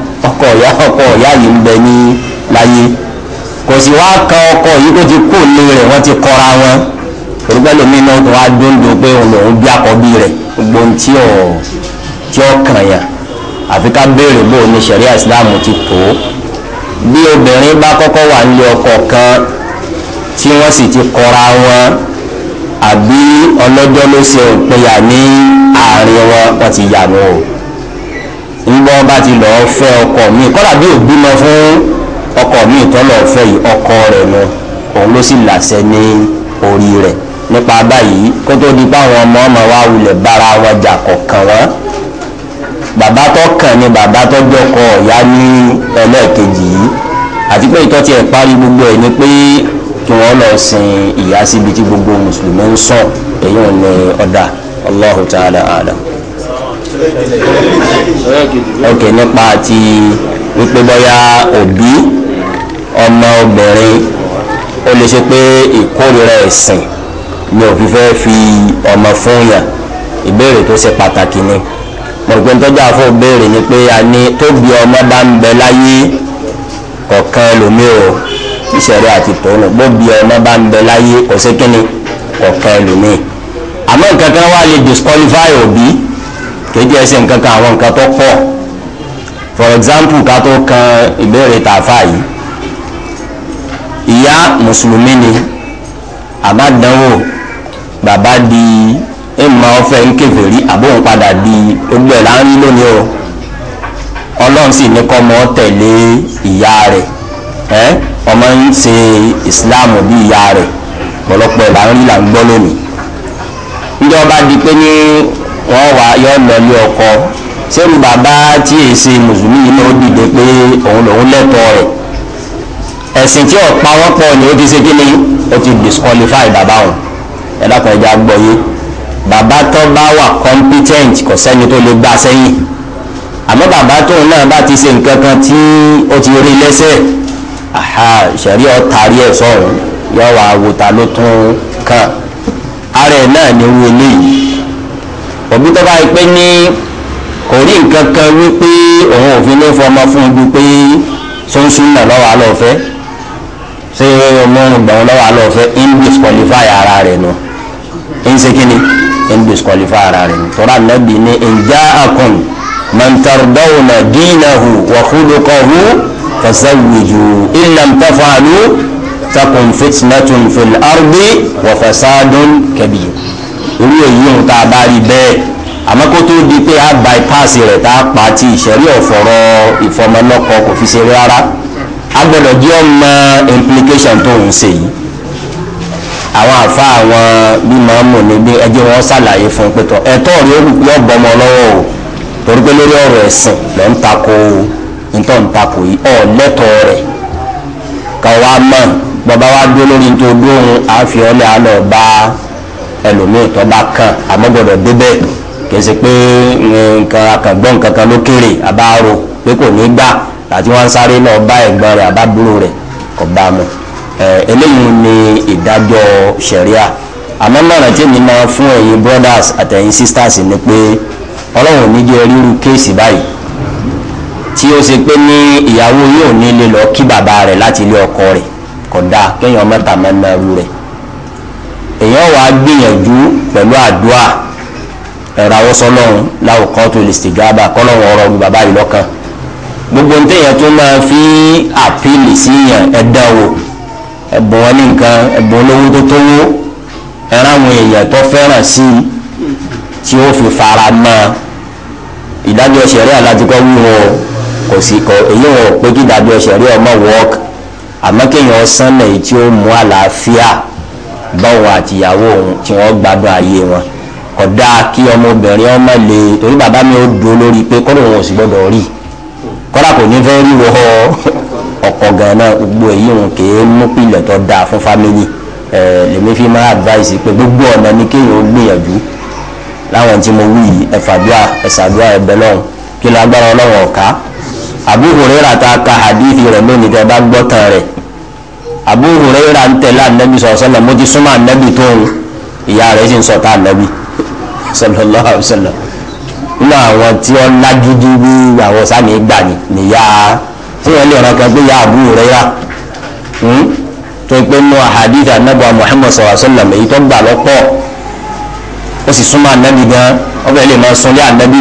ọkọ ìyá ọkọ ìyá yìí ń bẹ ní láyé kò sì wá kan ọkọ yìí tó ti kú ní rẹ̀ wọ́n ti kọ́ra wọn orúkọ lómi náà tó wá dóńdó pé òun bí àkọ́bí rẹ̀ gbogbo ohun tí tí ọ̀ kàn yàn àfi ká béèrè bó ní ṣẹ̀ríà ìsìláàmù ti tó bí obìnrin bá kọ́kọ́ wà nílé ọkọ kan tí wọ́n sì ti kọ́ra wọn àbí ọlọ́jọ́ ló ṣe òpinya ní àárín wọn wọ́n ti yà wọn o ńgbọ́ bá ti lọ́ọ́ fẹ́ ọkọ mi kọ́lá bí òbí lọ fún ọkọ mi tọ́ lọ́ọ́ fẹ́ yìí ọkọ rẹ̀ lọ òun ló sì làṣẹ ní orí rẹ̀ nípa báyìí kó tó di báwọn ọmọ ọmọ wa wulẹ̀ bára wọn jà kọ̀ọ̀kan wọn bàbá tó kàn ní bàbá tó jọkọ ọ̀yá ní ẹlẹ́ẹ̀kejì yìí àti pé ìtọ́ tiẹ̀ parí gbogbo ẹ̀ ni pé kí wọ́n lọ sin ìyá síbi tí gbogbo mùsùlùmí ń sọ èyí ò ní ọ̀dà Allahu ta'ala alam ok nípa ti wípé bóyá òbí ọmọ obìnrin ó lè ṣe pé ìkórìíra ẹ̀sìn ni òfin fẹ́ fi ọmọ fún yàn ìbéèrè tó ṣe pàtàkì ni mo rò pé nítorí àfọ béèrè ni pé a ní tóbi ọmọ bá ń bẹ láyé kọ̀ọ̀kan ẹlòmíì o ìṣẹ̀rẹ́ àti tòun bóbi ọmọ bá ń bẹ láyé kò sí kínní kọ̀ọ̀kan ẹlòmíì àmọ́ nǹkan kan wá lè disqualify òbí kéjì ẹsẹ̀ nǹkan kan àwọn nǹkan tó pọ̀ for example ká tó kan ìbéèrè tààfà yìí ìyá mùsùlùmí ni àbádánwò bàbá di ìmọ̀ ọ̀fẹ́ ń kèfèrí àbóhùn padà di gbogbo ẹ̀ láńrí lónìí o ọlọ́run sì ní kọ́ ọmọ tẹ̀lé ìyá rẹ̀ ẹ́ ọmọ ń ṣe ìsìláàmù bí ìyá rẹ̀ pọ̀lọpọ̀ ẹ̀ láńrí là ń gbọ́ lónìí. ǹjẹ́ ọba di pé ní wọ́n wà yọ lọ́lé ọkọ sẹ́ni bàbá tí è ṣe mùsùlùmí yìí náà dìde pé òun lòun lẹ́tọ̀ọ́ rẹ̀ ẹ̀sìn tí ọ̀pá wọn pọ̀ ni ó ti ṣe kí ni ó ti disqualify bàbá wọn ẹ̀dá kan ẹja gbọ́yé bàbá tó bá wà competent kò sẹ́ni tó lè gbà sẹ́yìn àmọ́ bàbá tóun náà bá ti ṣe nǹkan kan tí ó ti rí lẹ́sẹ̀ àhà ìṣẹ̀rí ọ̀tàrí ẹ̀ sọ̀rọ̀ yọ wà wòta ló tún kàn ara ẹ̀ náà ni wọlé yìí òbí tó bá pé ní kò rí nǹkan kan wípé òun òfin ló fọmọ fún un pé sunsun náà lọ́wọ́ àlọ́fẹ́ ṣé ọmọrun gbọ̀n lọ́wọ́ àlọ́fẹ́ in disqualify ara rẹ̀ nù in ṣe kí ni in disqualify ara rẹ̀ nù tọ́ra nàbì ní in ja'akum man tardawna dinahu wa khuluquhu fasawwiju in lam taf'alu takun fitnatun orí èyí ohun tá a bá rí bẹ́ẹ̀ àmọ́ kó tó di pé a bypass rẹ̀ tá a pa ti ìṣẹ̀rí ọ̀fọ̀rọ̀ ìfọmọlọ́kọ kò fi ṣeré rárá a gbọ́dọ̀ jẹ́ ọmọ implication tó ń ṣe yìí àwọn àfa àwọn bí màámu ní bí ẹjẹ wọn ṣàlàyé fún un pé tọ ẹ̀tọ́ rẹ̀ yóò bọmọ lọ́wọ́ o torí pé lórí ọ̀rọ̀ ẹ̀sìn lọ ń takò ntọ́ ń takò yìí ọ̀ lẹ́tọ̀ọ́ rẹ̀ kà wá mọ̀ bàbá wa dúró lórí ntòdó òun àfi ọ́lẹ́ àlọ́ bá a ẹlòmíì tó bá kàn àmọ́ gbọ́dọ̀ débẹ̀ kìí ṣe pé nǹkan akàngbọ́n nǹkan kan ló kéré àbáro pé kò ní gbà àti wọ́n ń sáré náà bá ẹ̀gbọ́n rẹ̀ àbábúrò rẹ̀ kò bá mu eléyìí ni ìdájọ́ ṣẹ̀ríà àmọ́ mọ̀ràn tí mi máa fún ẹ̀yin brothers àtẹ̀yin sisters ni pé ọlọ́run ní jẹ́ ríru kéèsì báyìí tí ó ṣe pé ní ìyàwó yóò ní lọ kí bàbá rẹ̀ láti ilé ọkọ rẹ̀ kódà kéèyàn mẹ́ta mẹ́ta rú rẹ̀ èèyàn wàá gbìyànjú pẹ̀lú àdúrà ẹ̀rọ awọ́sọ́lọ́run láwùkọ́ tó lè ṣègábà kọ́lọ́run ọ̀rọ̀ ọ̀run bàbá yìí lọ́kàn gbogbo ní tẹ̀yàn tó máa fi àpìlì sí yàn ẹ̀dá wò ẹ̀bùn wọn ní nǹkan ẹ̀bùn olówó tó tówó ẹ̀rọ àwọn èèyàn tó fẹ́ràn sí i tí ó fi fara mọ́ ìdájọ́ ṣẹ̀rí alájúkọ́ wíwọ kò sí kọ èyí wọn pé kí ìdájọ́ ṣẹ̀rí ọmọ wọ́ọ̀kì àmọ́ kéèyàn ọsán báwo àtìyàwó òun tí wọ́n gbádùn ayé wọn kódà kí ọmọbìnrin ọmọ lè torí bàbá mi ó dúró lórí pé kọ́dọ̀ òun ò sì gbọ́dọ̀ rí kọ́dà kò ní fẹ́ ríro ọkọ̀ gan náà gbogbo èyí òun kì í mú pilẹ̀ tó dáa fún fámìlì lèmi fi máa advice pé gbogbo ọ̀nà ni kéèyàn ó gbìyànjú láwọn tí mo wí yìí ẹ̀fàdúà ẹ̀sàdúà ẹ̀bẹ̀ lọ́hùn kí lágbára ọlọ́run ọ̀ká Abu Hurairah ta ka hadithi rẹ̀ lónìí tẹ́ bá gbọ́ tán rẹ̀ Abu Hurairah ń tẹ̀lé anabi sallallahu alaihi wasallam mo ti súnmọ́ anabi tó ń ìyá rẹ̀ sì ń sọ̀tà anabi sallallahu alaihi wasallam nínú àwọn tí ó lágídí bí àwọn sáni gbà níyà tí wọ́n lè ràn kan pé ya Abu Hurairah hmm? tó pé nù ahadith anabi Muhammad sallallahu alaihi wasallam èyí tó gbà lọ́pọ̀ ó sì súnmọ́ anabi gan ọbẹ̀ lè máa sunlé anabi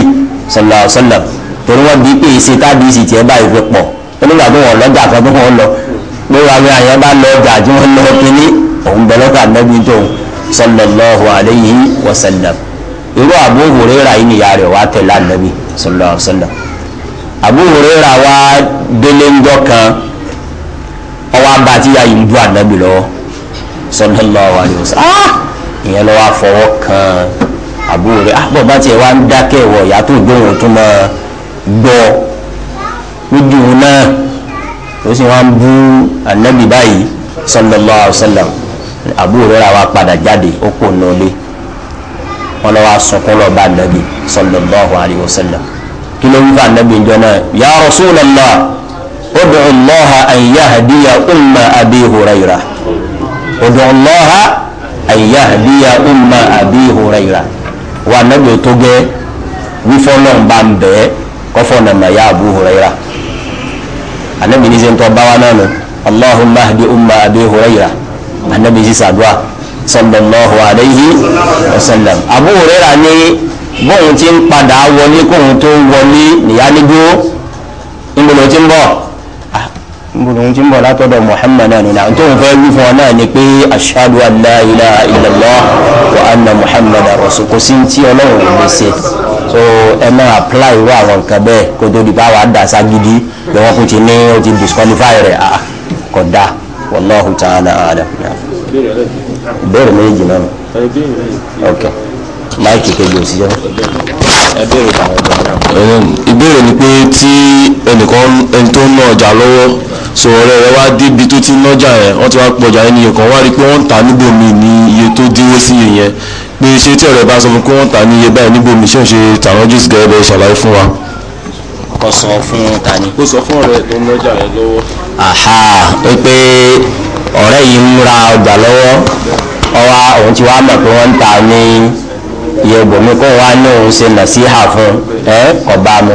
sallallahu alaihi wasallam torí wọ́n di pé ìṣe tábìlì sì tiẹ̀ báyìí fi pọ̀ ó nígbà tó wọ́n lórí àwọn àyàn bá lọ ọjà tí wọ́n lọ kínní òun bẹ lọ́kà nẹ́bí tó sallallahu alayhi wa sallam irú Abu Hurairah yìí nìyá rẹ̀ wá tẹ̀lé ànẹ́bí sallallahu alayhi wa sallam Abu Hurairah wá délé ńjọ kan ọwọ́ abá tí yà yìí ń ju ànẹ́bí lọ́wọ́ sallallahu alayhi wa sallam ah! ìyẹn lọ́wọ́ afọwọ́ kan Abu ah! àbọ̀ bá tiẹ̀ wá ń dákẹ́ wọ̀ yàtọ̀ gbóhùn tó máa gbọ́ lójú náà ó sì wọn bú anabi báyìí sallallahu alaihi wasallam àbúrò rẹ wá padà jáde ó kò nọlé wọn lọ wá sọkún bá anabi sallallahu alaihi wasallam kí ló ń fa anabi ń jọ náà ya rasulallah ud'u allaha an yahdiya umma abi hurayra ud'u allaha an yahdiya umma abi hurayra wa anabi tó gẹ wífọ́ náà ń bẹ́ẹ̀ kọ́fọ́ nàmà ya abu hurayra anabi ní sẹ́ńtọ́ bawa náà allahumma hadi umma abi hurayra anabi sì sàdúrà sallallahu alayhi wa sallam abu hurayra ní bóun ti ń padà wọlé kóun tó wọlé nìyá nígbó ńbọlọ ti ń bọ̀ ah, ti ń bọ̀ látọ̀dọ̀ muhammad náà nìyá tó ń fẹ́ wí fún ọ náà ni pé ashadu an la ilaha illallah wa anna muhammad rasul kò sí ti ọlọ́run lè ṣe so ẹ mọ apply irú àwọn nǹkan bẹ́ẹ̀ kó tó di báwa dà ságídí bí wọ́n kún ti ní o ti disqualify rẹ̀ ah kò dá wallahu ta'ala a'lam. ìbéèrè méjì náà ok máìkì kejì ò sí yẹn. ìbéèrè ni pé tí ẹnìkan ẹni tó ń ná ọjà lọ́wọ́ sọ̀rọ̀ rẹ̀ wá débi tó ti ń nájà yẹn wọ́n ti wá pọ̀jà yẹn nìyẹn kan wá rí i pé wọ́n ń ta níbòmí ní iye tó dínwó sí yẹn yẹn pé ṣé tí ọ̀rẹ́ bá sọ fún kí wọ́n tà ní iye báyìí níbo mi ṣe ń ṣe tàrọ́jìs gẹ́gẹ́ bẹ́ẹ̀ ṣàlàyé fún wa. kò sọ fún tani. kò sọ fún ọ̀rẹ́ tó ń lọ́jà rẹ lọ́wọ́. àhà ó pé ọ̀rẹ́ yìí ń ra ọjà lọ́wọ́ ọwá òun ti wá mọ̀ pé wọ́n ń tà ní iye bòmí kó wá ní òun ṣe nà sí hà fún ẹ ọba mu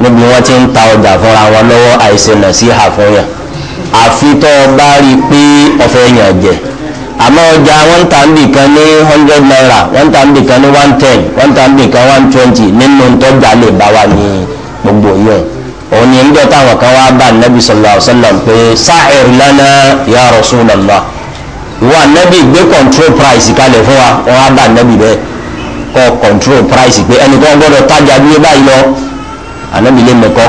níbi wọ́n ti ń ta ọjà fúnra wọn lọ́wọ́ àìṣe nà sí hà fún yàn àfi bá rí i pé ọ̀fẹ́ yàn jẹ́ àmọ́ ọjà wọ́n ta ń ní hundred naira wọ́n ta ń ní one ten wọ́n ta ń one twenty nínú tọ́jà lè bá wa ní gbogbo yẹn òun ni níjọ́ táwọn kan wá bá nabi sallallahu alayhi sallam pé sa'ir lana ya rasulallah wa nabi gbé control price kalẹ̀ fún wa wọ́n wá bá nabi bẹ́ẹ̀ kọ́ control price pé ẹnì kan gbọ́dọ̀ tajà bí báyìí lọ anabi lè mẹ́kọ́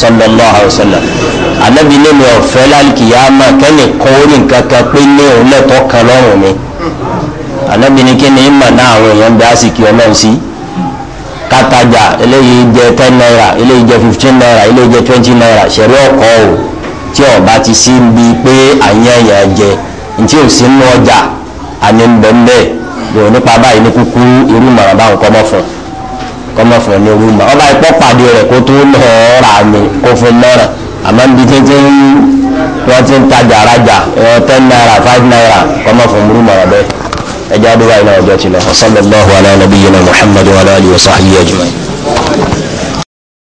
sallallahu alayhi sallam. anabi ilé mi ọ̀fẹ́ lálùkìyàmà kẹ́ni kan ó ní nǹkan kan pé ní òun lẹ́tọ́ kan lọ́rùn mi anabi ni kí ni náà àwọn èèyàn bí àsìkò ọlọ́run sí kátàjà eléyìí jẹ ten naira eléyìí jẹ fifteen naira eléyìí jẹ twenty naira ṣẹ̀rí ọkọ o tí ọba ti sí bi pé àyàn èèyàn jẹ ntí ò sí nú ọjà àní bẹ́ẹ̀ lò nípa báyìí ní kúkú irú màrà báwọn àmọ́ níbi tí tí wọ́n ti ń tajà arajà ẹ̀rọ ten naira five naira kọ́mọ fún burú mọ̀rọ̀ bẹ́ẹ̀ ẹjọ́ àdúrà iná ọjọ́ tilẹ̀. sallallahu ala nabiyyina muhammadu wa alihi wa sahbihi ajma'in.